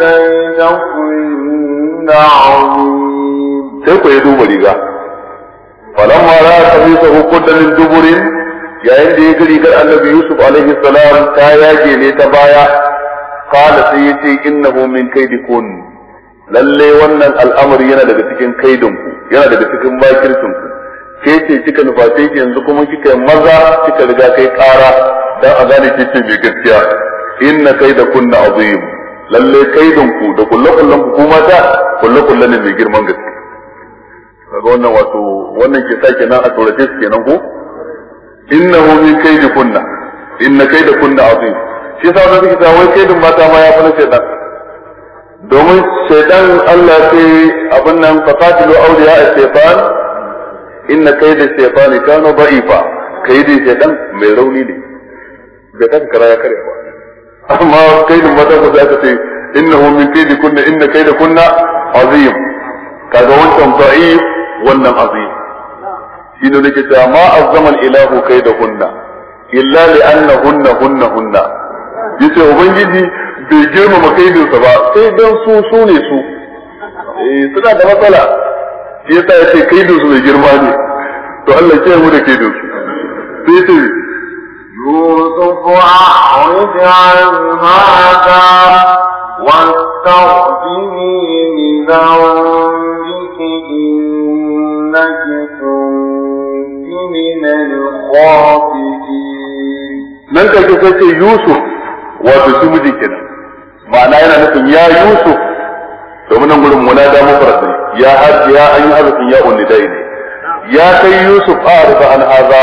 [SPEAKER 3] كيدكن عظيم. كيف
[SPEAKER 1] يدوب لذا؟ فلما رأى قميصه قد من دبل yayin da ya gari rigar annabi yusuf alaihi salam ta yage ne ta baya qala sai yace innahu min kaidikun lalle wannan al'amari yana daga cikin kaidin ku yana daga cikin makircin ku ke ce kika nufafe ki yanzu kuma kika maza kika riga kai kara dan a gane ki ce mai gaskiya inna kaidakunna azim lalle kaidin ku da kullakullan ku kuma ta kullakullan ne mai girman gaske kaga wannan wato wannan ke sa nan a tsorace su kenan ko innahu min kaidi kunna inna kaida kunna azim shi yasa da suke cewa wai kaidin mata ma ya fi na shaitan domin shaitan Allah ce abin nan faqatilu awliya shaitan inna kaida shaitan kana da'ifa kaidin shaitan mai rauni ne bai taka kara ya kare ba amma kaidin mata ku za ta ce innahu min kaidi kunna inna kaida kunna azim kaga wancan da'if wannan azim shine nake cewa ma azzamal ilahu kai da hunna illa li anna hunna hunna hunna yace ubangiji bai girmama sa ba sai
[SPEAKER 3] dan su su ne su
[SPEAKER 1] eh suna da matsala yasa yace kaidin su mai girma ne to Allah ya mu da kaidin su sai ce
[SPEAKER 3] يوسف أعرض عن هذا واستغفري لذنبك nan للغافلين
[SPEAKER 1] من كيف يوسف وتسمو دي كده ma'ana yana nufin ya Yusuf domin nan gudun munada mufrad ne ya hajji ya an yi harfin ya dai ne ya kai Yusuf a rufa an haza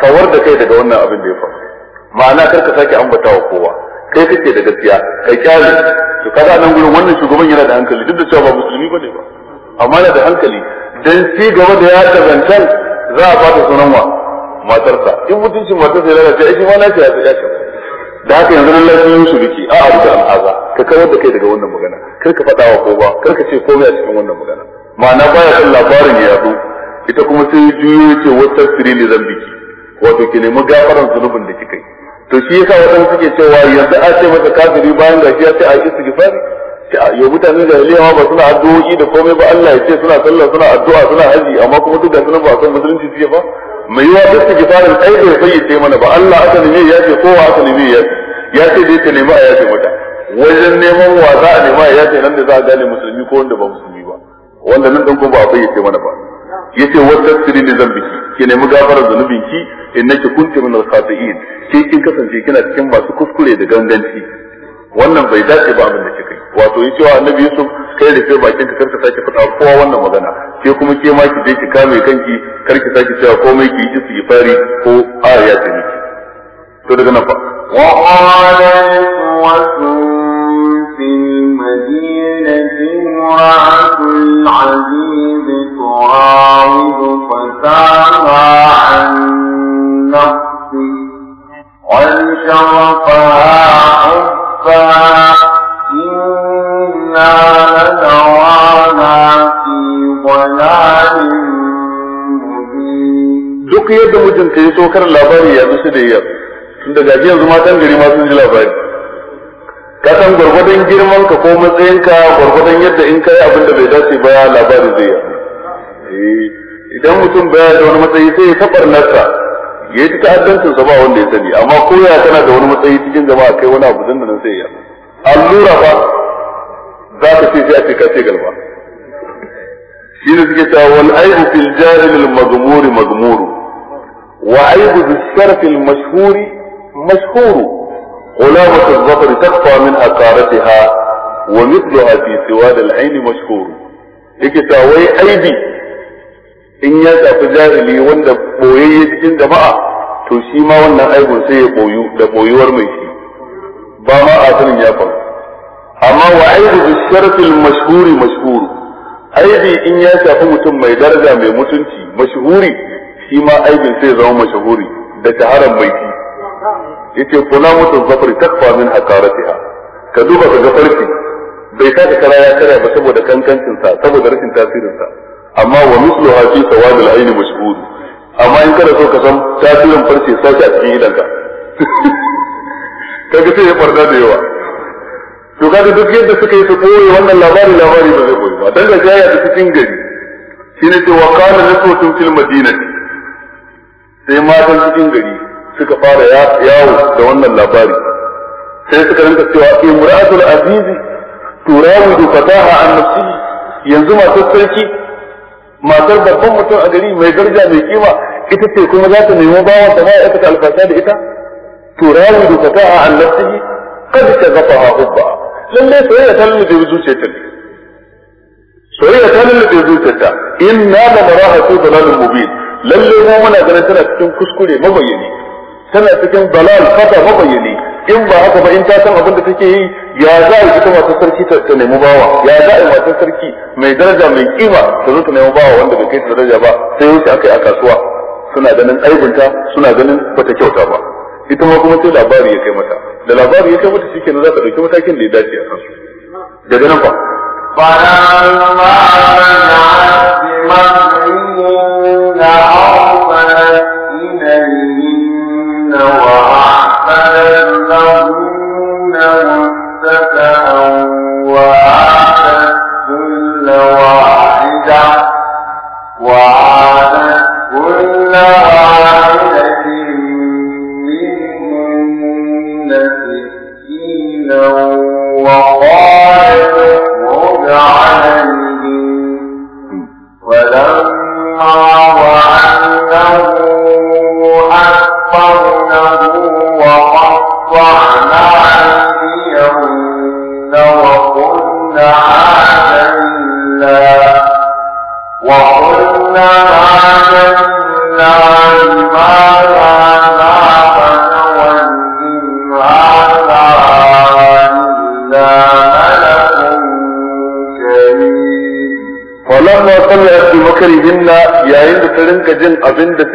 [SPEAKER 1] kawar da kai daga wannan abin da ya faru ma'ana karka sake ambata wa kowa kai kake da gaskiya kai kyale to kaga nan gudun wannan shugaban yana da hankali duk da cewa ba musulmi bane ba amma yana da hankali dan ci gaba da ya zabantan za a bata sunan wa matarsa in mutuncin matarsa ya lalace ai shi ma lafiya ta yaka da haka yanzu lallai sun yi biki a abu da al'aza ka kawar da kai daga wannan magana kar ka faɗa wa kowa kar ka ce komai a cikin wannan magana ma'ana baya kan labarin ya yaɗu ita kuma sai juyo ce wata siri ne zan biki wato ki nemi gafaran zunubin da kika yi to shi yasa wadanda suke cewa yanzu a ce masa kafiri bayan gashi ya ce a istighfari yau mutane da liyawa ba suna addu'o'i da komai ba Allah ya ce suna sallah suna addu'a suna haji amma kuma duk da suna ba san musulunci suke ba mai yiwa duk da gifarin ai bai fayyace mana ba Allah aka nemi ya ce kowa aka nemi ya ce ya ce dai ta nemi a yace mata wajen neman wa za a nema ya ce nan da za a gane musulmi ko wanda ba musulmi ba wanda nan dan ko ba a fayyace mana ba yace wata sirri ne zan biki ki nemi gafarar zunubin ki innaki kunti min al-khati'in ki kin kasance kina cikin masu kuskure da ganganci
[SPEAKER 3] wannan bai dace ba abin
[SPEAKER 1] da kika wato yi cewa annabi yusuf kai da ke bakin ka karka sake faɗa kowa wannan magana ke kuma ke ma ki je ki kame kanki karki sake cewa komai ki yi fari ko aya ta miki to daga nan fa
[SPEAKER 3] wa qala في duk yadda mutunta ya sokar labari ya
[SPEAKER 1] zuci da tun tunda gaji yanzu matan gari ma ji labari ka san gwargwadon girman ka ko matsayinka gwargwadon yadda in kai abin da bai dace ba labari zai yi eh, idan mutum baya da wani matsayi sai ya tabar nasa ya yi ta'addancin sa ba wanda ya sani amma ko ya kana da wani matsayi cikin jama'a kai wani abu dinda nan sai ya allura ba Ka ka ce sai a ce ka ce galma shi ne suke cewa wal aibu fil jahil al maghmur maghmur wa aibu bis sarf al mashhur mashhur qulamat al zafar takfa min aqaratiha wa mithluha fi siwad al ayn mashhur yake ta wai aibi in ya tafi jahili wanda boyayye cikin jama'a to shi ma wannan aibun sai ya boyu da boyuwar mai shi ba ma a sanin ya faru amma wa aibu bi sharfil mashhuri aibi in ya shafi mutum mai daraja mai mutunci mashhuri shi ma aibin sai zama mashhuri da shaharar mai ki yace kula mutum zafari takfa min hakaratiha ka duba ka ga farki bai sa ka kara ya kara ba saboda kankancin sa saboda rashin tasirin sa amma wa misluha fi sawadil aini mashhur amma in kada so ka san tasirin farce sauki a cikin idanka kaga sai ya farda da yawa to kaga duk yadda suka yi su koyi wannan labari labari ba zai koyi ba dan da jaya da cikin gari shine ce wa kana naswatun fil madinati sai matan cikin gari suka fara yawo da wannan labari sai suka rinka cewa imra'atul aziz turawidu fataha an nafsihi yanzu matar sarki matar babban mutum a gari mai garja mai kima ita ce kuma za ta nemi bawan ta ma ita ta alfasha da ita turawidu fataha an nafsihi ta zafa hubba lalle soyayya ta lullube zuciyarta ne soyayya ta lullube zuciyarta inna la maraha fi dalalin mubin lalle mu muna ganin tana cikin kuskure mabayyani tana cikin balal fata mabayyani in ba haka ba in ta san abin da take yi ya za a ita matar sarki ta nemi bawa ya za a matar sarki mai daraja mai kima ta zo ta nemi bawa wanda bai kai ta daraja ba sai wuce aka yi a kasuwa suna ganin aibinta suna ganin bata kyauta ba ita ma kuma sai labari ya kai mata da labarin ya kai mata shi kenan za ta ɗauki matakin da ya dace a kansu daga
[SPEAKER 3] nan ba. na.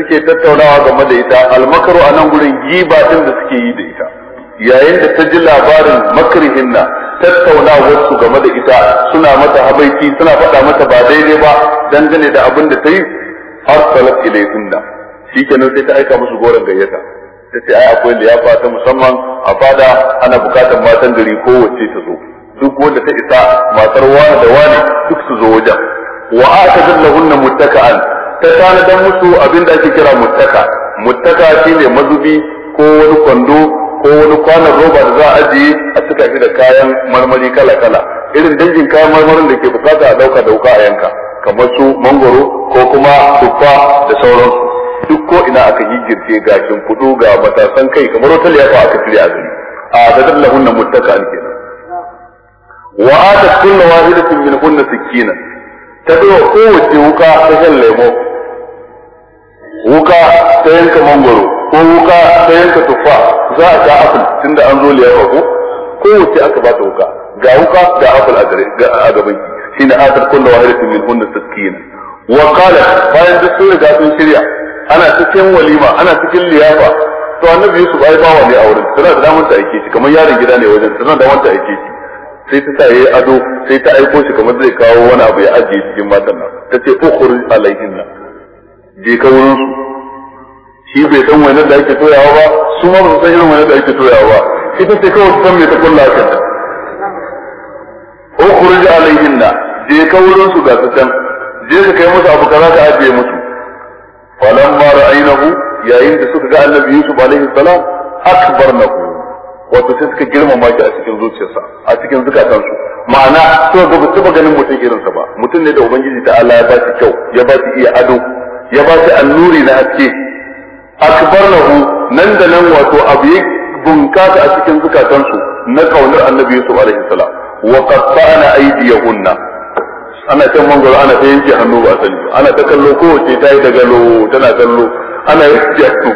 [SPEAKER 1] suke tattaunawa game da ita almakaru a nan gurin giba din da suke yi da ita yayin da ta ji labarin na tattaunawa wasu game da ita suna mata habaiki suna faɗa mata ba daidai ba dangane da abin da ta yi har salat ilayhinna shikenan sai ta aika musu goron gayyata ta ce ai akwai liyafa ta musamman a fada ana bukatar matan gari ko wacce ta zo duk wanda ta isa matar wani da wani duk su zo wajen wa aka zallahunna muttaka'an ta tanadar musu abin da ake kira muttaka muttaka shine mazubi ko wani kwando ko wani kwanan roba da za a ajiye a cika shi da kayan marmari kala-kala irin dangin kayan marmarin da ke bukata a dauka dauka a yanka kamar su mangoro ko kuma tuffa da sauransu duk ko ina aka girke gashin kudu ga matasan kai kamar wata liyafa aka shirya a gari a dadar lahunna muttaka ne kenan wa kullu wahidatin min hunna sikina
[SPEAKER 3] ta dawo kowace wuka ta shan lemo ta yanka mangoro ko wuka
[SPEAKER 1] ta yanka tuffa za a ga apple tunda an zo liyafa ko kowace aka ba ta wuka ga wuka ga apple a gare ga a gaban ki shine atar kullu wahidatin min hunna taskina wa qala bayan duk sun riga sun shirya ana cikin walima ana cikin liyafa to annabi Yusuf ai wa ne a wurin tana da damar ta aike shi kamar yaron gida ne wajen tana da damar ta aike shi sai ta sa ado sai ta aiko shi kamar zai kawo wani abu ya ajiye cikin matan nan ta ce ukhruj alaihinna je ka wurin su shi bai san wani da ake toyawa ba su ma ba su san irin wani da ake toyawa ba ita ce kawai san me ta kulla ka ta ukhruj alayhinna je ka wurin su ga can je ka kai musu abu kaza ka ajiye musu falamma ra'aynahu yayin da suka ga annabi Yusuf alaihi salam ku. wato sai suka girmama shi a cikin zuciyarsa a cikin zukatansu ma'ana suka ga ba taba ganin mutum irinsa ba mutum ne da ubangiji ta Allah ya ba shi kyau ya ba shi iya ado ya ba shi annuri na haske Akbar lahu nan da nan wato abu ya bunkasa a cikin zukatansu na kaunar annabi yusuf alaihi salam wa qatta'na aydiyahunna ana kan mangoro ana ta yanke hannu ba sani ana ta kallo kowace ta yi daga lo tana kallo ana yanke hannu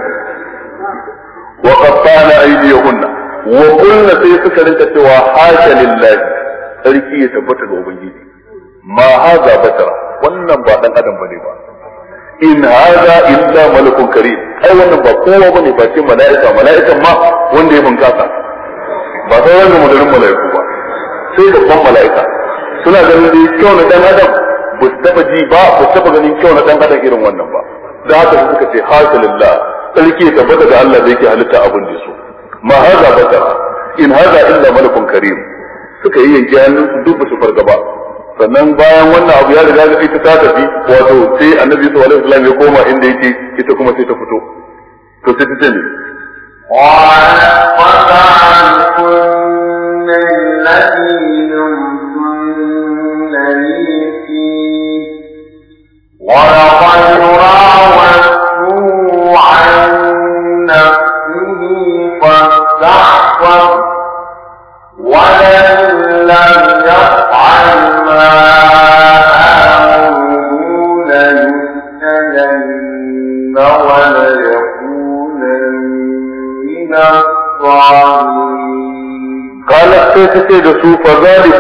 [SPEAKER 1] wa qatta'na aydiyahunna wa qulna sai suka rinka cewa haka lillahi sarki ya tabbata ga ubangiji ma haza batara wannan ba dan adam bane ba in haza illa malakun karim ai wannan ba kowa bane ba ce mala'ika mala'ikan ma wanda ya bunkasa ba sai wanda mudarin mala'iku ba sai babban mala'ika suna ganin da kyau na dan adam ba su taba ji ba ba su taba ganin kyau na dan adam irin wannan ba da haka suka ce hasalillah sarki tabbata da Allah da yake halitta abin da su ma haza bata in haza illa malakun karim suka yi yanke hannun su duk ba su fargaba sannan bayan wannan abu ya riga da ita ta tafi wato sai annabi sallallahu alaihi wasallam ya koma inda yake ita kuma sai ta fito to sai ta ce ne قال فذلكن
[SPEAKER 3] الذي لمتنني فيه ولقد رأى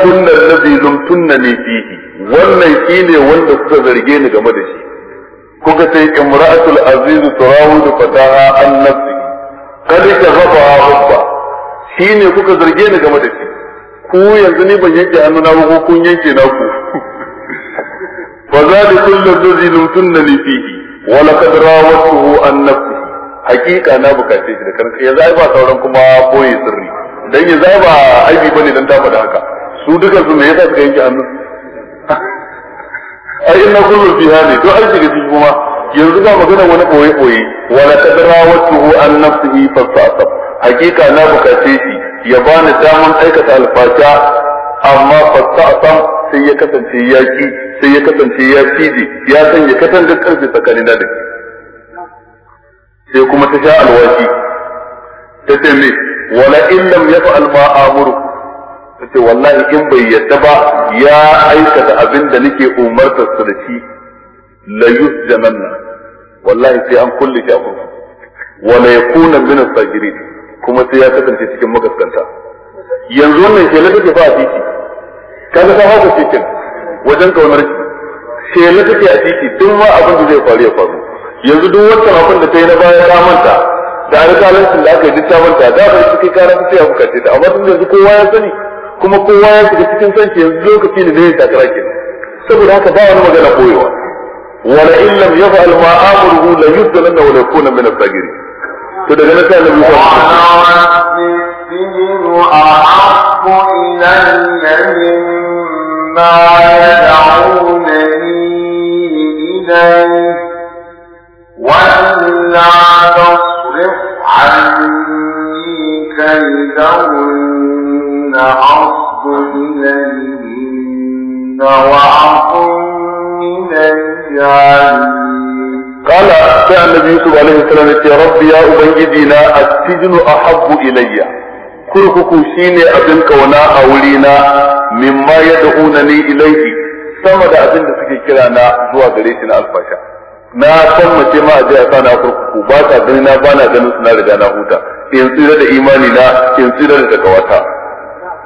[SPEAKER 1] kunna allazi lumtunna li fihi wannan shine wanda kuka zarge ni game da shi kuka sai imra'atul aziz turawidu fataha an nafsi ka shaghafa hubba shine kuka zarge ni game da shi ku yanzu ni ban yanke hannu na ba ko kun yanke na ku fa zalikul allazi lumtunna li fihi
[SPEAKER 3] wa laqad rawatuhu
[SPEAKER 1] an nafsi hakika na bukace shi da kanka yanzu ai ba sauran kuma boye sirri dan yanzu ba aibi bane dan ta faɗa haka su duka su me yasa suka yanke hannu ai inna kullu fiha ne to an shiga cikin kuma yanzu ga magana wani boye boye wala tadrawatuhu an nafsihi fasasab hakika na bukace shi ya bani daman aikata alfasha amma fasasab sai ya kasance ya ki sai ya kasance ya fiji ya san ya kasance karfi tsakanin da dake sai kuma ta sha alwashi ta ce wala in lam yaf'al ma amuru ce wallahi in bai yadda ba ya aikata abin da nake umartar su da shi la yusjananna wallahi sai an kulle shi a kurkuku wa la yakuna min as-sagirin kuma sai ya kasance cikin magaskanta yanzu wannan ke take ba a titi kaga ta hauka cikin wajen kaunar ki
[SPEAKER 2] shela take a titi duk
[SPEAKER 1] ma abin da zai faru ya faru yanzu duk wancan abin da ta yi na baya ta manta da alƙalancin da aka yi duk ta manta da bai kai kara ta ya bukace ta amma tun yanzu kowa ya sani kuma kowa ya shiga cikin sanci yanzu lokaci ne zai takara ke saboda haka ba wani magana koyewa wala in lam yaf'al ma amruhu la yusdalanna wa la yakuna min as-sagirin to daga nan sai
[SPEAKER 3] annabi ya ce ولا تصرف عني كيدهن عصب إليهن وعصب إلي قال سأل النبي يوسف عليه السلام يا رب يا أبنجدنا
[SPEAKER 1] السجن أحب إلي kurkuku shine abin kauna a wurina mimma ya da'una ni sama da abin da suke kira na zuwa gare shi na alfasha na san mace ma a sana kurkuku ba ta gani na ba na ganin suna riga na huta in tsira da imani na in tsira da takawata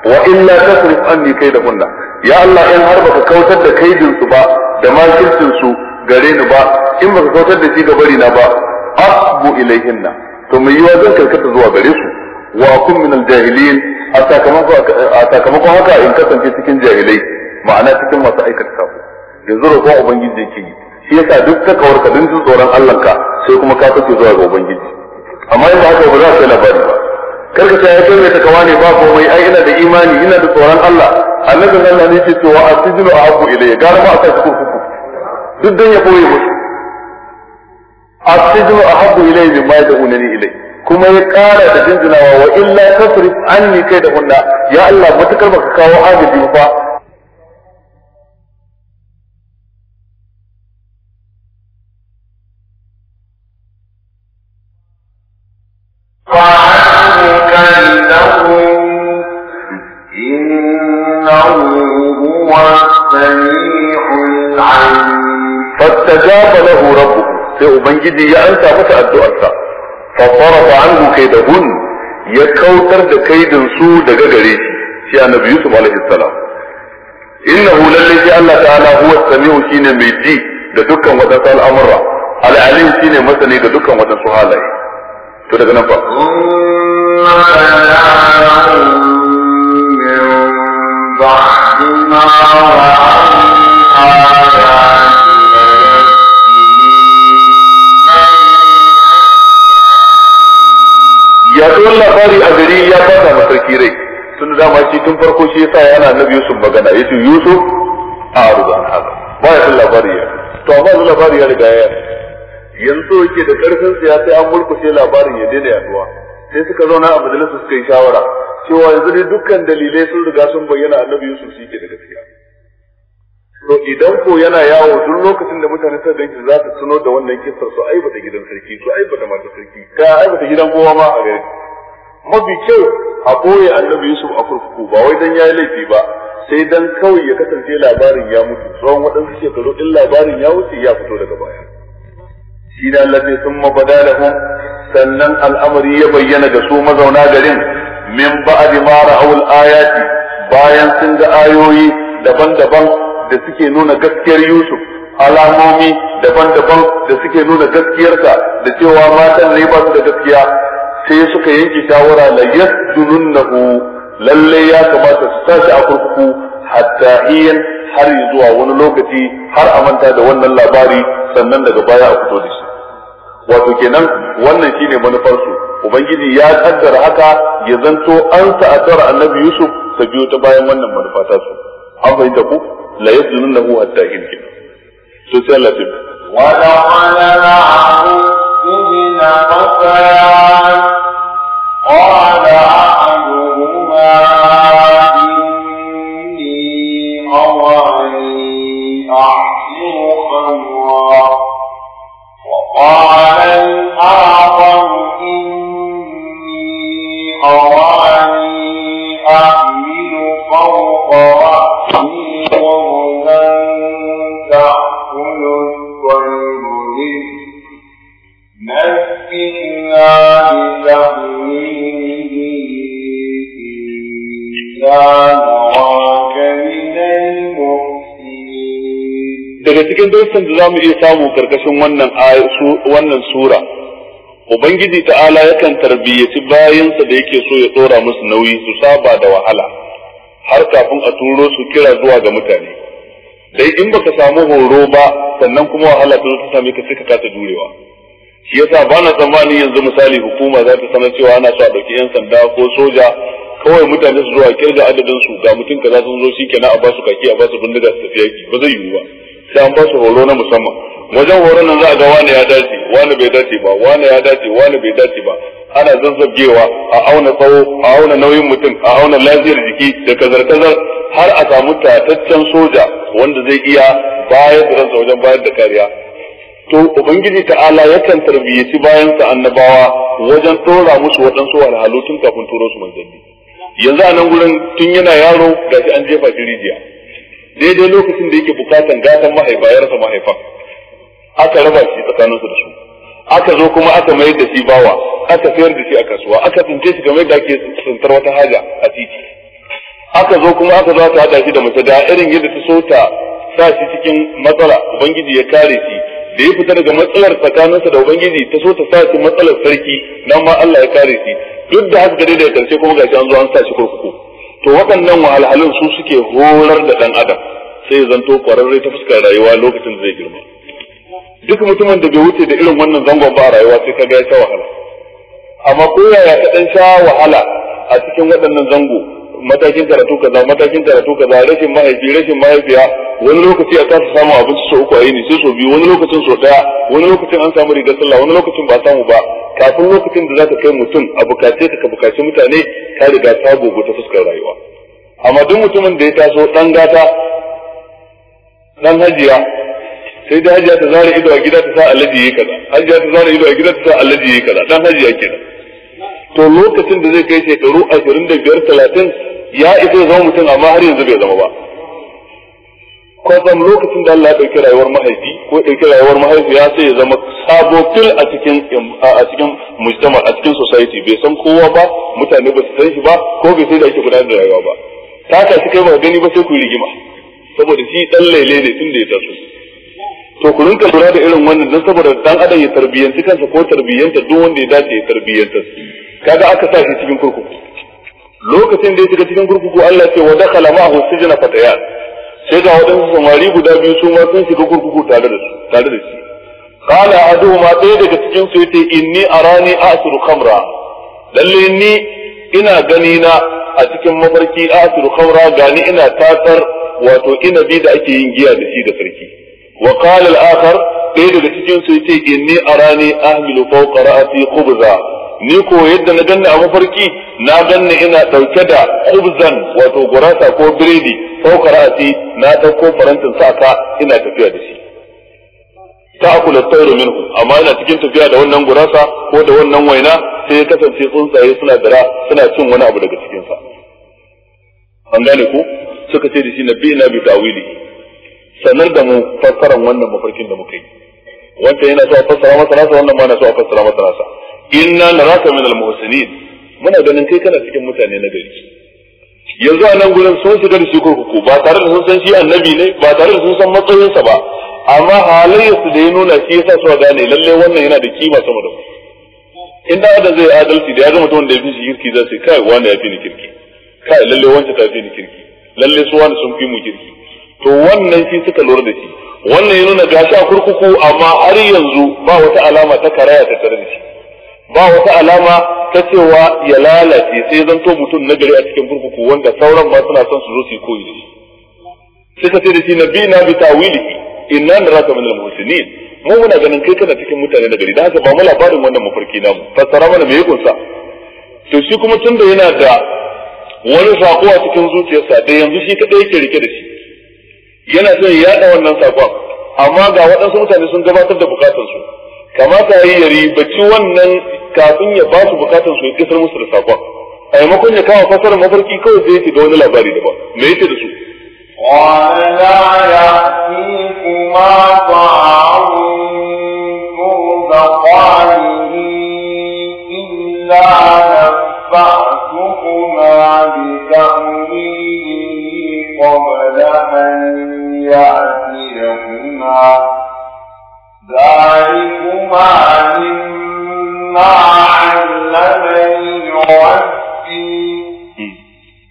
[SPEAKER 2] wa illa tasrif
[SPEAKER 1] anni kunna. ya Allah in har baka kautar da kaidin su ba da makircin su gare ni ba in baka kautar da shi ga bari na ba asbu ilayhinna to mai yiwa zan karkata zuwa gare su wa kun min aljahilin a sakamakon haka in kasance cikin jahilai ma'ana cikin masu aikata ku. yanzu roƙon ubangiji yake yi shi yasa duk ta kawar ka dindin tsoron Allah ka sai kuma ka kace zuwa ga ubangiji amma in ba haka ba za ka yi labari ba karka ta ya kai ta kawani ba ko mai ai ina da imani ina da tsoron Allah annabi Allah ne ce to wa a ahabbu ilayya gara ma aka cikin kuku duk dan ya boye musu asjilu ahabbu ilayya da yad'unani ilay kuma ya kara da jinjinawa wa illa tafrif anni kai da hunna ya Allah matukar baka kawo agaji
[SPEAKER 3] ba ubangiji ya amsa masa addu'arsa fa sarafa anhu
[SPEAKER 1] kaydahun ya kautar da kaidin su daga gare shi shi annabi yusuf alaihi salam innahu lallai shi Allah ta'ala huwa samiu shine mai ji da dukkan wadansu al'amura al'alim shine masani da dukkan wadansu halaye to daga nan fa
[SPEAKER 3] بعد ما
[SPEAKER 1] tun farko shi yasa ya ana annabi Yusuf magana yace Yusuf a arzu an haka ba ya labari ya to amma zuwa labari ya riga ya yanzu yake da karfin sa ya sai an sai labarin ya daina yaduwa sai suka zauna a majalisar suka yi shawara cewa yanzu dai dukkan dalilai sun riga sun bayyana annabi Yusuf shi ke da gaskiya to idan ko yana yawo duk lokacin da mutane suka danki za su tuno da wannan kissar su aibata gidan sarki su aibata mata sarki
[SPEAKER 2] ka aibata gidan kowa ma a
[SPEAKER 1] gari mafi kyau a ɓoye annabi yusuf a kurkuku ba wai dan yayi laifi ba sai dan kawai ya kasance labarin ya mutu tsawon waɗansu shekaru in labarin ya wuce ya fito daga baya shi da Allah sun mabada da sannan al'amari ya bayyana ga su mazauna garin min ba'di ma ra'awul ayati bayan sun ga ayoyi daban-daban da suke nuna gaskiyar Yusuf alamomi daban-daban da suke nuna gaskiyarsa da cewa matan ne ba su da gaskiya sai suka yanke shawara la yasdunnahu lalle ya kamata su tashi a kurkuku hatta hiyan har zuwa wani lokaci har a manta da wannan labari sannan daga baya a fito da shi wato kenan wannan shine su. ubangiji ya kaddara haka ya zanto an sa'atar annabi yusuf ta biyo ta bayan wannan manufa ta su an fahimta ku la yasdunnahu hatta hiyan to sai Allah ya السجن رفاعا
[SPEAKER 3] قال أحدهما إني أراني أحسن خمرا وقال الآخر daga cikin darsin da zamu iya samu
[SPEAKER 1] karkashin wannan wannan sura ubangiji ta'ala yakan tarbiyyaci bayansa da yake so ya tsora musu nauyi su saba da wahala har kafin a turo su kira zuwa ga mutane dai in baka samu horo ba sannan kuma wahala ta zo ta same ka sai ka kasa jurewa shi yasa ba na tsammani yanzu misali hukuma za ta sanar cewa ana so a ɗauki yan sanda ko soja kawai mutane su zuwa kirga adadin su ga mutum kaza sun zo shikenan a ba kaki a ba bindiga su tafi yaki ba zai yiwu ba sai an ba su horo na musamman wajen horon nan za a ga wani ya dace wani bai dace ba wani ya dace wani bai dace ba ana zazzabgewa a auna tsawo a auna nauyin mutum a auna lafiyar jiki da kazar-kazar har a samu tataccen soja wanda zai iya bayar da ransa wajen bayar da kariya to ubangiji ta'ala yakan tarbiyyaci bayan sa annabawa wajen dora musu waɗansu alhalu tun kafin turo su manzanni yanzu a nan gurin tun yana yaro shi an jefa shi rijiya daidai lokacin da yake bukatan gatan mahaifa ya rasa mahaifa aka raba shi tsakaninsu da su aka zo kuma aka mayar da shi bawa aka sayar da shi a kasuwa aka tsince shi game da ake tsantar wata haja a titi aka zo kuma aka zo aka hada shi da mace da irin yadda ta so ta sa shi cikin matsala ubangiji ya kare shi da ya fita daga matsalar tsakaninsa da ubangiji ta so ta sa su matsalar sarki nan ma Allah ya kare shi duk da haka dai da karshe kuma gashi an zo an sa shi kurkuku to waɗannan wahalhalun su suke horar da dan adam sai zanto kwararre ta fuskar rayuwa lokacin zai girma duk mutumin da bai wuce da irin wannan zangon ba rayuwa sai kaga ya sha wahala amma ko yaya ka dan sha wahala a cikin waɗannan zango matakin karatu kaza matakin karatu kaza rashin mahaifi rashin mahaifiya wani lokaci a kasa samu abinci sau uku a yini sai sau biyu wani lokacin sau daya wani lokacin an samu rigar sallah wani lokacin ba samu ba kafin lokacin da za ka kai mutum a bukace ka ka bukaci mutane ka riga ta gogo ta fuskar rayuwa amma duk mutumin da ya taso dan gata dan hajiya sai da hajiya ta zara ido a gida ta sa alaji yi kaza hajiya ta zara ido a gida ta sa alaji yi kaza dan hajiya kenan to lokacin da zai kai shekaru ashirin da biyar talatin ya isa zama mutum amma har yanzu bai zama ba kwatsam lokacin da Allah ya ɗauki rayuwar mahaifi ko ɗauki rayuwar mahaifi ya sai ya zama sabotil a cikin a cikin mujtama a cikin society bai san kowa ba mutane ba su san shi ba ko bai sai da ake gudanar da rayuwa ba ta ka shi kai ba gani ba sai ku yi rigima saboda shi dan laile ne tun da ya taso to ku rinka lura da irin wannan don saboda dan adam ya tarbiyyanci kansa ko tarbiyyanta duk wanda ya dace ya tarbiyyanta kaga aka sa shi cikin kurkuku lokacin da ya shiga cikin kurkuku Allah ce wa dakhala ma'ahu sijna fatayat sai ga waɗansu samari guda biyu su ma sun shiga kurkuku tare da su tare da shi qala ma ɗaya daga cikin su yace inni arani asru khamra lalle ni ina gani na a cikin mafarki asru khamra gani ina tatsar wato inabi da ake yin giya da shi da sarki wa qala al-akhar ɗaya daga cikin su yace inni arani ahmilu fawqa ra'si khubza ni ko yadda na ganni a mafarki na ganni ina dauke da kubzan wato gurasa ko biredi fauka ra'asi na ɗauko farantin saka ina tafiya da shi Ta ta'kulu at-tayru ku. amma ina cikin tafiya da wannan gurasa ko da wannan waina sai ya kasance tsuntsaye suna dara suna cin wani abu daga cikin sa an gane ku suka ce da shi nabi na bi tawili sanar da mu fassaran wannan mafarkin da muka yi wanda yana so a fassara masa nasa wannan ma na so a fassara masa nasa inna naraka min al-muhsinin muna ganin kai kana cikin mutane na gari yanzu a nan gurin sun shiga da shi kurkuku ba tare da sun san shi annabi ne ba tare da sun san matsayinsa ba amma halayyarsu da ya nuna shi yasa suka gane lalle wannan yana da kima sama da mu in da adam zai adalci da ya ga mutum da ya fi shi kirki za su kai wani ya fi ni kirki kai lalle wancan ta fi ni kirki lalle su wani sun fi mu kirki to wannan shi suka lura da shi wannan ya nuna gashi a kurkuku amma har yanzu ba wata alama ta karaya ta tare da shi ba wata alama ta cewa ya lalace sai zanto mutum na gari a cikin kurkuku wanda sauran ma suna son su zo su yi koyi da shi sai ka ce da shi na bi na bi tawili inna naraka min al-muhsinin mu muna ganin kai kana cikin mutane na gari da haka ba mu labarin wannan mafarki namu fassara mana me ya sa to shi kuma tunda yana da wani sako a cikin zuciyarsa da yanzu shi kadai yake rike da shi yana son ya yada wannan sakon amma ga waɗansu mutane sun gabatar da bukatunsu kamata yi yari, bacci wannan kafin ya ba su bukatar su kisar musu da sakon a maimakon ya kawo fasar mafarki kawai zai ce da wani labari daban
[SPEAKER 3] me yake da su قال لا يأتيكما طعام ترزقانه إلا نبأتكما بتأويله قبل أن يأتيكما ذلكما مما علمني ربي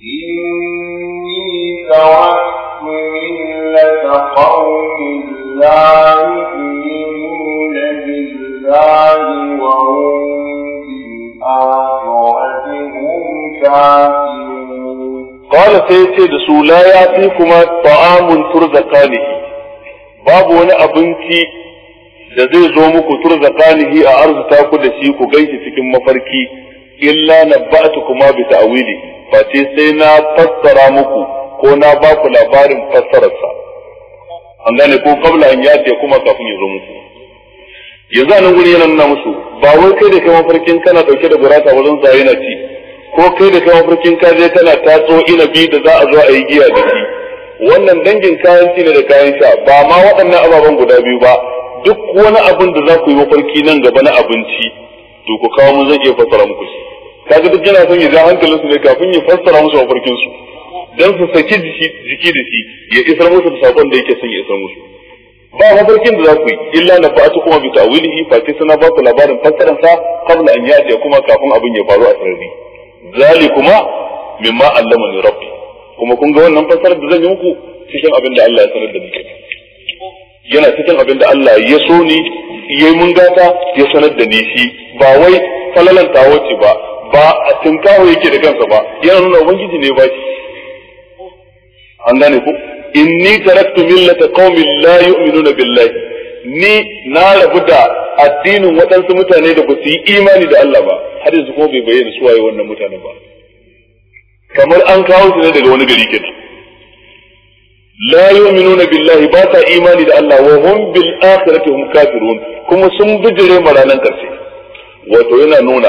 [SPEAKER 3] إني تركت ملة قوم لا يؤمنون بالله وهم بالآخرة هم كافرون
[SPEAKER 1] قال سيتي رسول لا يأتيكما طعام ترزقانه babu wani abinci da zai zo muku kanihi a ta ku da shi ku ganshi cikin mafarki illa na kuma bi ta'wili fa ce sai na fassara muku ko na ba ku labarin fassararsa an gane ko kabla an yace kuma kafin ya zo muku yanzu a nan yana nuna musu ba wai kai da kai mafarkin kana dauke da gurata wajen zaye na ci ko kai da kai mafarkin ka je kana tatso inabi da za a zo a yi giya da shi wannan dangin kayan ci ne da kayan sha ba ma waɗannan ababen guda biyu ba duk wani abin da za ku yi mafarki nan gaba na abinci to ku kawo mun zan iya fassara muku shi kaga duk yana son ya ja hankalin su ne kafin ya fassara musu mafarkin su dan su saki jiki da shi ya isar musu da sakon da yake son ya isar musu ba mafarkin da za ku yi illa na fa'atu kuma bi ta'wilihi fa ke sana ba ku labarin fassaran sa qabla an ya'ti kuma kafin abin ya faru a sarari zalikuma mimma ni rabbi kuma kun ga wannan fassarar da zan yi muku cikin abin da Allah ya sanar da ni yana cikin abin da Allah ya so ni yayi mun gata ya sanar da ni shi ba wai falalan tawaci ba ba a tinkawo yake da kansa ba yana nuna ubangiji ne ba shi an gane ku inni taraktu millata qaumin la yu'minuna billahi ni na rabu da addinin waɗansu mutane da ba su yi imani da Allah ba har yanzu kuma bai bayyana su wannan mutanen ba kamar an kawo su ne daga wani gari kenan Layomi nuna billahi ba imani da Allah wa hum bil akhirati hum kafirun kuma sun bijire ma ranar karshe wato yana nuna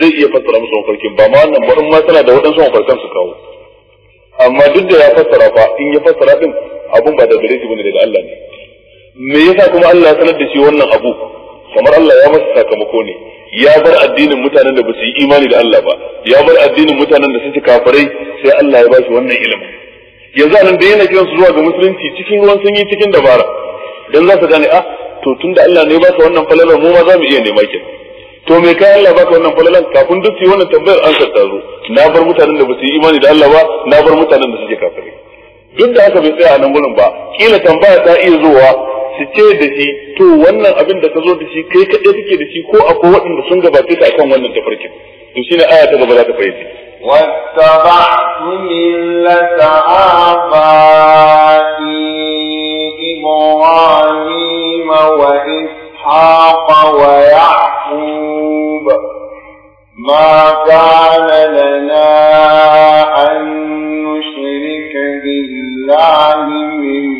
[SPEAKER 1] zai iya fassara musu mafarkin ba ma wannan barin ma tana da waɗansu mafarkan su kawo amma duk da ya fassara fa in ya fassara din abun ba da gare shi bane Allah ne me yasa kuma Allah ya sanar da shi wannan abu kamar Allah ya masa sakamako ne ya bar addinin mutanen da ba su yi imani da Allah ba ya bar addinin mutanen da suke kafirai sai Allah ya ba wannan ilimin yanzu anan da yana kiransu zuwa ga musulunci cikin ruwan sanyi cikin dabara dan za su gane ah to tunda Allah ne ya baka wannan falalar mu ma za mu iya nema ki to me kai Allah baka wannan falalar kafin duk yi wannan tambayar an sarta zo na bar mutanen da ba yi imani da Allah ba na bar mutanen da suke kafiri duk da haka bai tsaya a nan gurin ba kila tambaya ta iya zuwa su ce da shi to wannan abin da ka zo da shi kai kaɗai kake da shi ko akwai waɗanda sun gabata ta akan wannan tafarkin to shine aya ta gaba za ta fahimci
[SPEAKER 3] واتبعت ملة آبائي إبراهيم وإسحاق ويعقوب ما كان لنا أن نشرك بالله من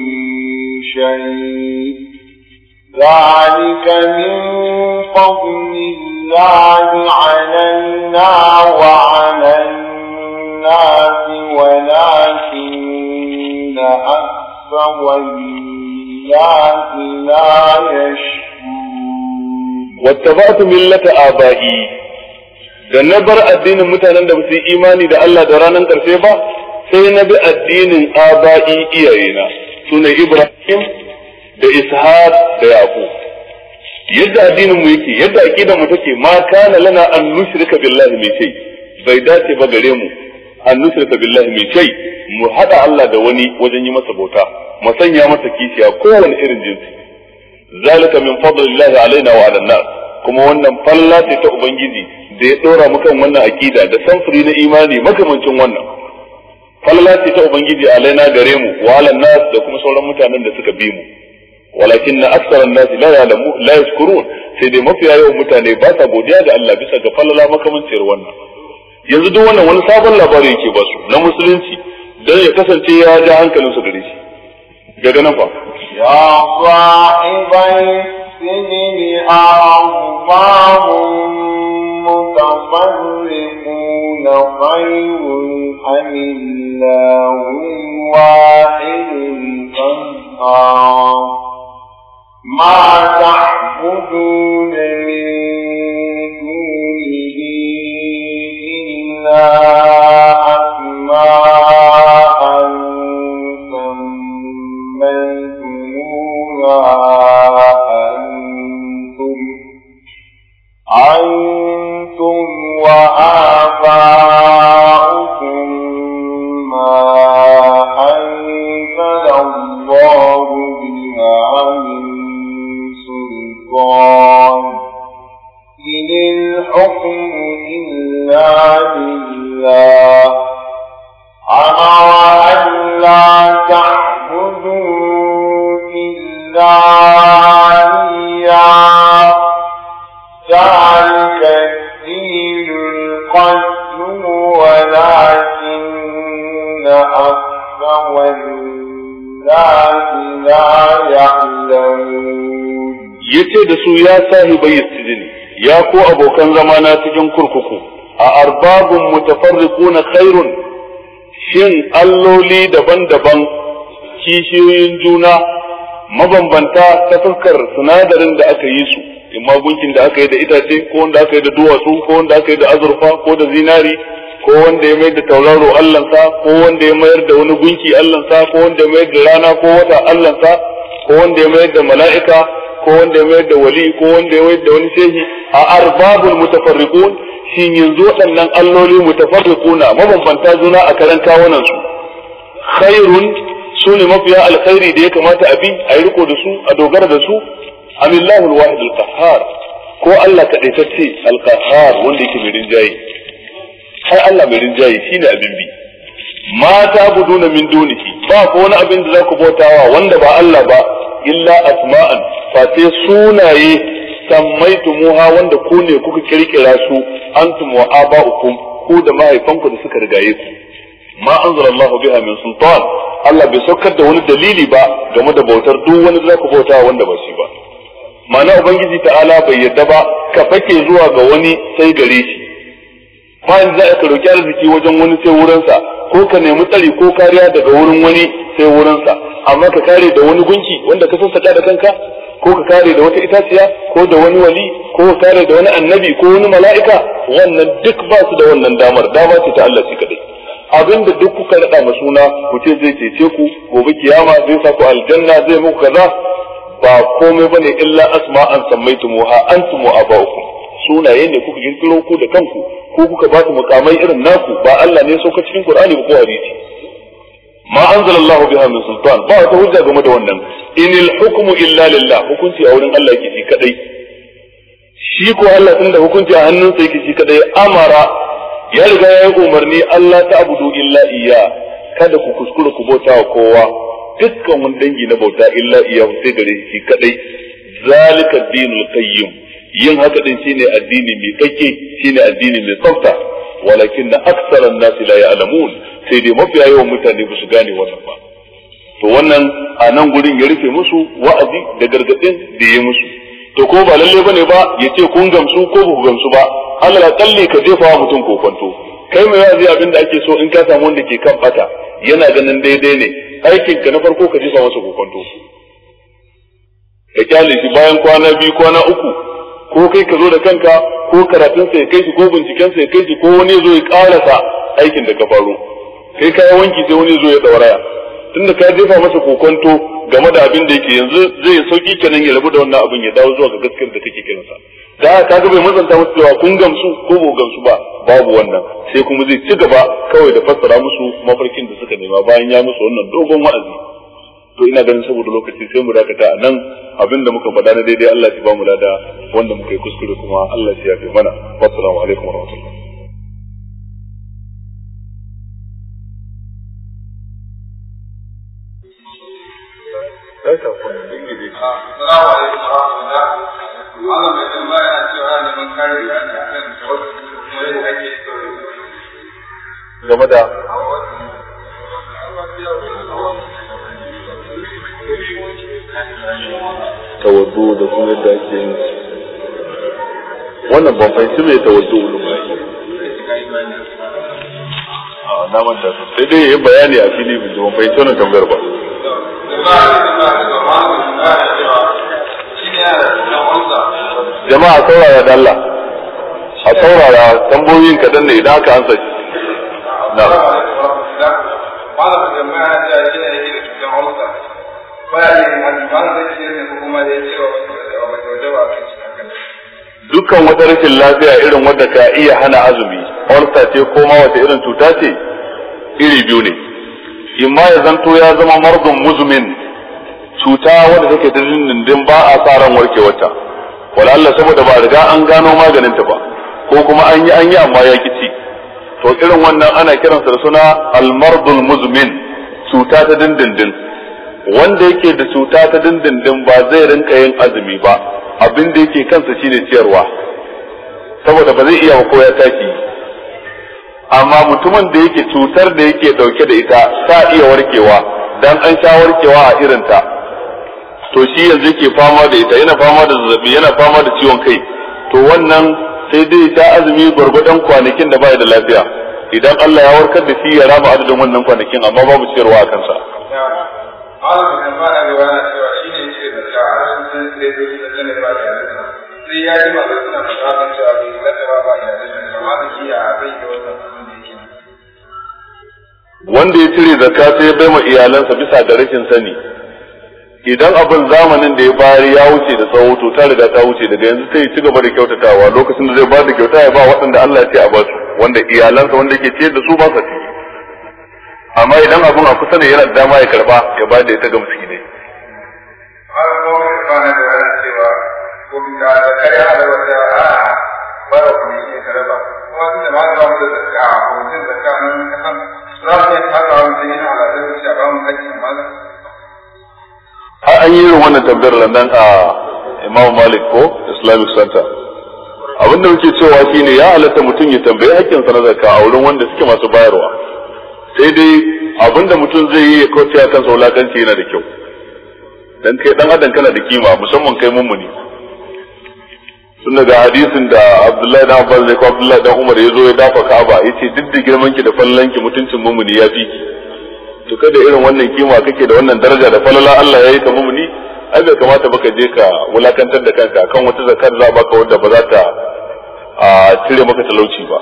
[SPEAKER 3] شيء ذلك من فضل الله علينا وعلى الناس ولكن أكثر الناس لا يشكرون واتبعت ملة آبائي da
[SPEAKER 1] na bar addinin mutanen da su yi imani da Allah da ranar ƙarshe ba sai na bi addinin aba'i iyayena su ne Ibrahim da ishaq da yaqub yadda addinin mu yake yadda aqidar mu take ma kana lana an nushrika billahi min shay bai dace ba gare mu an nushrika billahi min shay mu hada Allah da wani wajen yi masa bauta mu sanya masa kishiya kowane irin jinsi zalika min fadlillahi alaina wa ala nas kuma wannan falla ce ta ubangiji da ya dora mu kan wannan aqida da samfuri na imani makamancin wannan falla ce ta ubangiji alaina gare mu wa ala nas da kuma sauran mutanen da suka bi mu walakin na an-nas la ya'lamu la yashkurun sai dai mafiya yawan mutane ba sa godiya da Allah bisa ga falala makamancin wannan yanzu duk wannan wani sabon labari yake ba su na musulunci dan ya kasance ya ja hankalin su gare shi daga nan fa
[SPEAKER 3] ya sa'ibai sinni a'lamu متفرقون خير أم الله واحد القهار ما تعبدون من دونه إلا Ya ce yace
[SPEAKER 1] da su ya sahi sijin ya ko abokan zama na cikin kurkuku a arbabun na khairun shin alloli daban-daban kishiyoyin juna mabambanta ta fuskar sinadarin da aka yi su imma gunkin da aka yi da itace ko wanda aka yi da duwatsu ko wanda aka yi da azurfa ko da zinari ko wanda ya mayar da tauraro allansa ko wanda ya mayar da wani gunki allansa ko wanda ya mayar da rana ko wata allansa ko wanda ya mayar da mala'ika ko wanda ya mayar da wali ko wanda ya mayar da wani shehi a arbabul mutafarriqun shi yanzu waɗannan alloli mutafarriquna mabambanta juna a karanta kawunan su khairun su ne mafiya alkhairi da ya kamata a bi a yi riko da su a dogara da su amillahu alwahid alqahhar ko Allah kadaitacce alqahhar wanda yake mai rinjaye sai Allah mai rinjaye shine abin bi mata buduna min dunihi ba ku wani abin da za ku bautawa wanda ba Allah ba illa asma'an fa sai sunaye sammaitumuha wanda ku ne kuka kirkira su antum wa aba'ukum ku da mahaifanku da suka rigaye ku ma anzala Allah biha min sultan Allah bai saukar da wani dalili ba game da bautar duk wani da za ku bautawa wanda ba shi ba ma'ana ubangiji ta'ala bai yadda ba ka fake zuwa ga wani sai gare shi ba za ka roki arziki wajen wani sai wurinsa ko ka nemi tsari ko kariya daga wurin wani sai wurinsa amma ka kare da wani gunki wanda ka sassaka da kanka ko ka kare da wata itaciya ko da wani wali ko ka kare da wani annabi ko wani mala'ika wannan duk ba su da wannan damar dama ce ta Allah shi kadai abinda duk kuka rada ma suna ku ce zai cece ku gobe kiyama zai sa ku aljanna zai muku kaza ba komai bane illa asma'an sammaitumuha antum wa aba'ukum sunaye ne kuka kirkiro ku da kanku ko kuka ba su mukamai irin naku ba Allah ne sauka cikin Qur'ani ko hadisi ma anzalallahu biha min sultan ba ta hujja game da wannan inil hukmu illa lillah hukunci a wurin Allah yake shi kadai shi ko Allah tun da hukunci a hannunsa yake shi kadai amara ya riga ya yi umarni Allah ta abudu illa iya kada ku kuskura ku bauta wa kowa dukkan wani dangi na bauta illa iya sai gare shi kadai zalika dinul qayyim yin haka din shine addini mai kake shine addini mai tsafta walakin na aksaran nasi la ya'lamun sai dai mafiya yawan mutane ba su gane wannan ba to wannan a nan gurin ya rufe musu wa'azi da gargadin da ya musu to ko ba lalle bane ba ya ce kun gamsu ko ba ku gamsu ba Allah kalli ka jefa wa mutum kokonto kai mai wa'azi abin da ake so in ka samu wanda ke kan bata yana ganin daidai ne aikin ka na farko ka jefa masa kokonto ka kyale shi bayan kwana biyu kwana uku ko kai ka zo da kanka ko karatun sa ya kai shi ko binciken sa ya kai shi ko wani zo ya karasa aikin da ka faru kai ka yi wanki sai wani zo ya dauraya
[SPEAKER 3] tunda ka jefa masa kokonto
[SPEAKER 1] game da abin da yake yanzu zai sauki kenan ya rabu da wannan abin ya dawo zuwa ga gaskiyar da take sa. da ka ga bai mazanta musu cewa kun gamsu ko ba gamsu ba babu wannan sai kuma zai ci gaba kawai da fassara musu mafarkin da suka nema bayan ya musu wannan dogon wa'azi to ina ganin saboda lokaci sai mu dakata a nan abinda muka faɗa na daidai Allah shi ba mu lada wanda muka yi kuskure kuma Allah shi ya fi mana assalamu alaikum warahmatullahi game da tawaddu da kuma yadda ake yin wannan ban fahimci mai tawaddu ulumai a na manta sai dai yi bayani a fili bi ban fahimci wannan tambayar ba jama'a saurara da Allah a saurara tambayoyin kaɗan ne idan aka ansa
[SPEAKER 2] na shi
[SPEAKER 1] dukkan wata rashin lafiya irin wadda ka iya hana azumi ulcer ce ko ma wata irin cuta ce iri biyu ne imma ya zanto ya zama mardun muzumin cuta wadda take da dindindin ba a sa ran wata wala Allah saboda ba riga an gano maganin ta ba ko kuma an yi an yi amma ya kici to irin wannan ana kiransa da suna al-mardul muzmin cuta ta dindindin wanda yake da cuta ta dindindin ba zai rinka yin azumi ba abin da yake kansa shine ciyarwa saboda ba zai iya koya ya taki amma mutumin da yake cutar da yake dauke da ita ta iya warkewa dan an sha warkewa a irinta to shi yanzu yake fama da ita yana fama da zazzabi yana fama da ciwon kai to wannan sai dai ta azumi gwargwadon kwanakin da bai da lafiya idan Allah ya warkar da shi ya raba adadin wannan kwanakin amma babu ciyarwa a kansa
[SPEAKER 2] malam kan fara gaba na cewa shi ne ce da cewa a rashin sun sai da shi da zane ba da yadda sai ya ji masu suna da shafin cewa bai yi lasara ba da yadda da ma da shi a zai yi wannan
[SPEAKER 1] wanda ya cire zakka sai ya bai ma iyalansa bisa da rashin sani idan abin zamanin da ya bayar ya wuce da tsawo to ta riga ta wuce daga yanzu sai ya ci gaba da kyautatawa lokacin da zai ba da kyauta ya ba waɗanda Allah ya ce a ba su wanda iyalansa wanda ke ciyar da su ba sa ciki amma idan abun a kusa ne yana dama ya karba ya ba da ita ga miskinai an yi irin wannan tambayar nan a imam malik ko islamic center abin da muke cewa shine ya halatta mutum ya tambayi hakkinsa na zakka a wurin wanda suke masu bayarwa sai dai da mutum zai yi ya kauce a kansa wulakanci yana da kyau dan kai dan adam kana da kima musamman kai mummuni sun daga hadisin da Abdullahi da Abbas ne ko Abdullahi dan Umar ya zo ya dafa Ka'aba yace duk da girman ki da fallan ki mutuncin mummuni ya fi ki to kada irin wannan kima kake da wannan daraja da falala Allah ya yi ka mummuni ai bai kamata baka je ka wulakantar da kanka akan wata zakar za baka wanda ba za ta cire maka talauci ba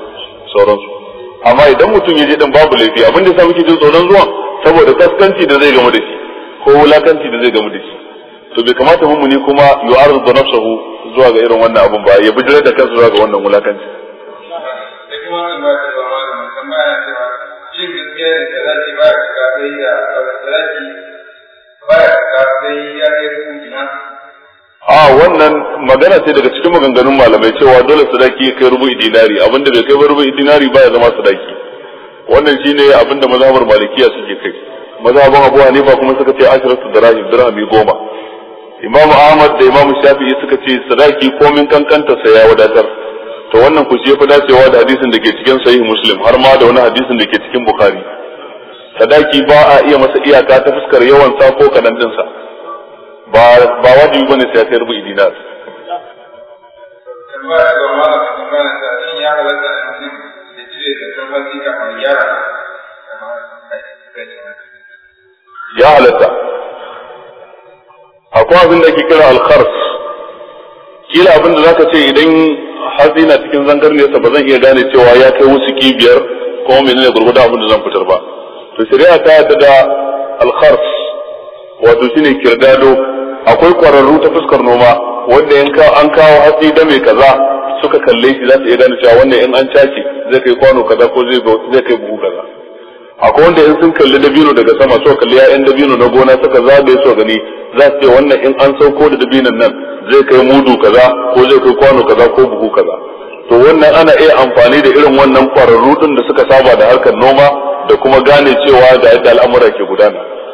[SPEAKER 1] sauransu amma idan mutum ya je din babu laifi abin da sa muke jin tsoron zuwa saboda kaskanci da zai gamu da shi ko wulakanci da zai gamu da shi to bai kamata mu ne kuma arzu nafsuhu zuwa ga irin wannan abin ba ya bijira da kansa zuwa ga wannan wulakanci
[SPEAKER 2] ba ya
[SPEAKER 1] a wannan magana ce daga cikin maganganun malamai cewa dole sadaki kai rubu'i dinari abinda bai kai rubu'i dinari ba ya zama sadaki wannan shine abinda mazhabar malikiya suke kai mazhabar abu hanifa kuma suka ce ashiratu dirahim dirhami goma imam ahmad da imam shafi'i suka ce sadaki komin kankanta sa ya wadatar to wannan ku je fa dacewa da hadisin da ke cikin sahih muslim har ma da wani hadisin da ke cikin bukhari sadaki ba a iya masa iyaka ta fuskar yawan sa ko kadan sa ba ba wajibi bane sai sai rubu dinar ya halatta akwai abin da ake kira alkharf kila abin da zaka ce idan hazina cikin zangar nesa ba zan iya gane cewa ya kai wasu kibiyar ko menene gurgurda abin da zan fitar ba to shari'a ta yadda da alkharf wato shine kirdado akwai kwararru ta fuskar noma wanda an kawo hatsi da mai kaza suka kalle shi za su iya gane cewa wannan in an caki zai kai kwano kaza ko zai kai buhu kaza akwai wanda in sun kalli dabino daga sama so kalli ya'yan dabino na gona suka zagaye su gani za su ce wannan in an sauko da dabinon nan zai kai mudu kaza ko zai kai kwano kaza ko buhu kaza to wannan ana iya amfani da irin wannan kwararru din da suka saba da harkar noma da kuma gane cewa da yadda al'amura ke gudana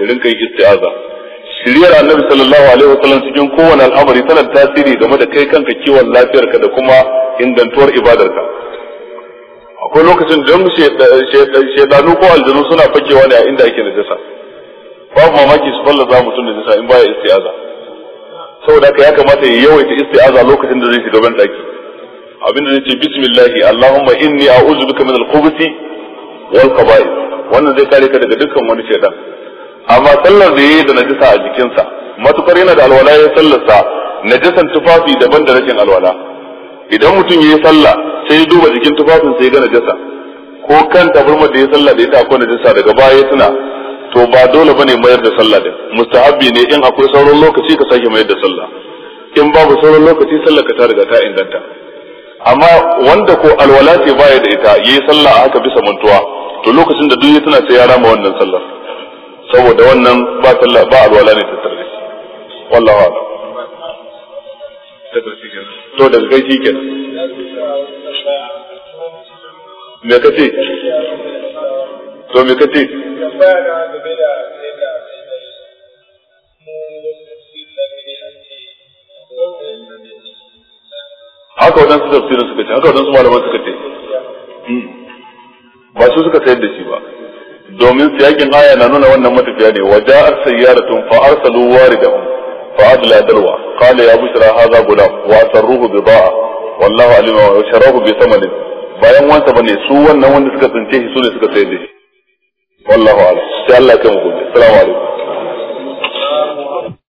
[SPEAKER 1] ya rinka yin isti'aza shiriyar annabi sallallahu alaihi wasallam cikin kowane al'amari tana tasiri game da kai kanka kiwon lafiyarka da kuma ingantuwar ibadarka akwai lokacin don shedanu ko aljanu suna fakewa ne a inda ake najasa babu mamaki su fallaza mutum da najasa in baya isti'aza saboda haka ya kamata ya yawaita isti'aza lokacin da zai shiga ban daki abinda zai ce bismillahi allahumma inni a'udhu bika min al-khubuthi wal qaba'ith wannan zai kare ka daga dukkan wani shedan amma sallar da ya yi da najisa a jikinsa matukar yana da alwala ya sallarsa najisan tufafi daban da rashin alwala idan mutum ya yi sallah sai ya duba jikin tufafin sai ya ga jasa, ko kan tabarma da ya sallah da ita akwai najasa daga baya ya tuna to ba dole bane mayar da sallah din mustahabbi ne in akwai sauran lokaci ka sake mayar da sallah in babu sauran lokaci sallar ka ta riga ta inganta amma wanda ko alwala ce baya da ita yayi sallah a haka bisa mantuwa to lokacin da duk ya tana sai ya rama wannan sallar saboda wannan ba sallah ba alwala ne tattare da shi wallahu a'lam
[SPEAKER 2] to daga kai shi me kace to me kace
[SPEAKER 1] haka wadansu tafsirin suka ce haka wadansu malaman suka ce hmm. ba su suka sayar da shi ba domin siyakin aya na nuna wannan matafiya ne wa ja'at sayyaratun fa arsalu waridahum fa adla dalwa qala ya bushra hadha gulam wa sarruhu ba'a wallahu alima wa sharahu bi thamanin bayan wanta bane su wannan
[SPEAKER 3] wanda suka tsince shi su ne suka sayar da shi wallahu alim sai Allah ya kai mu gobe assalamu alaikum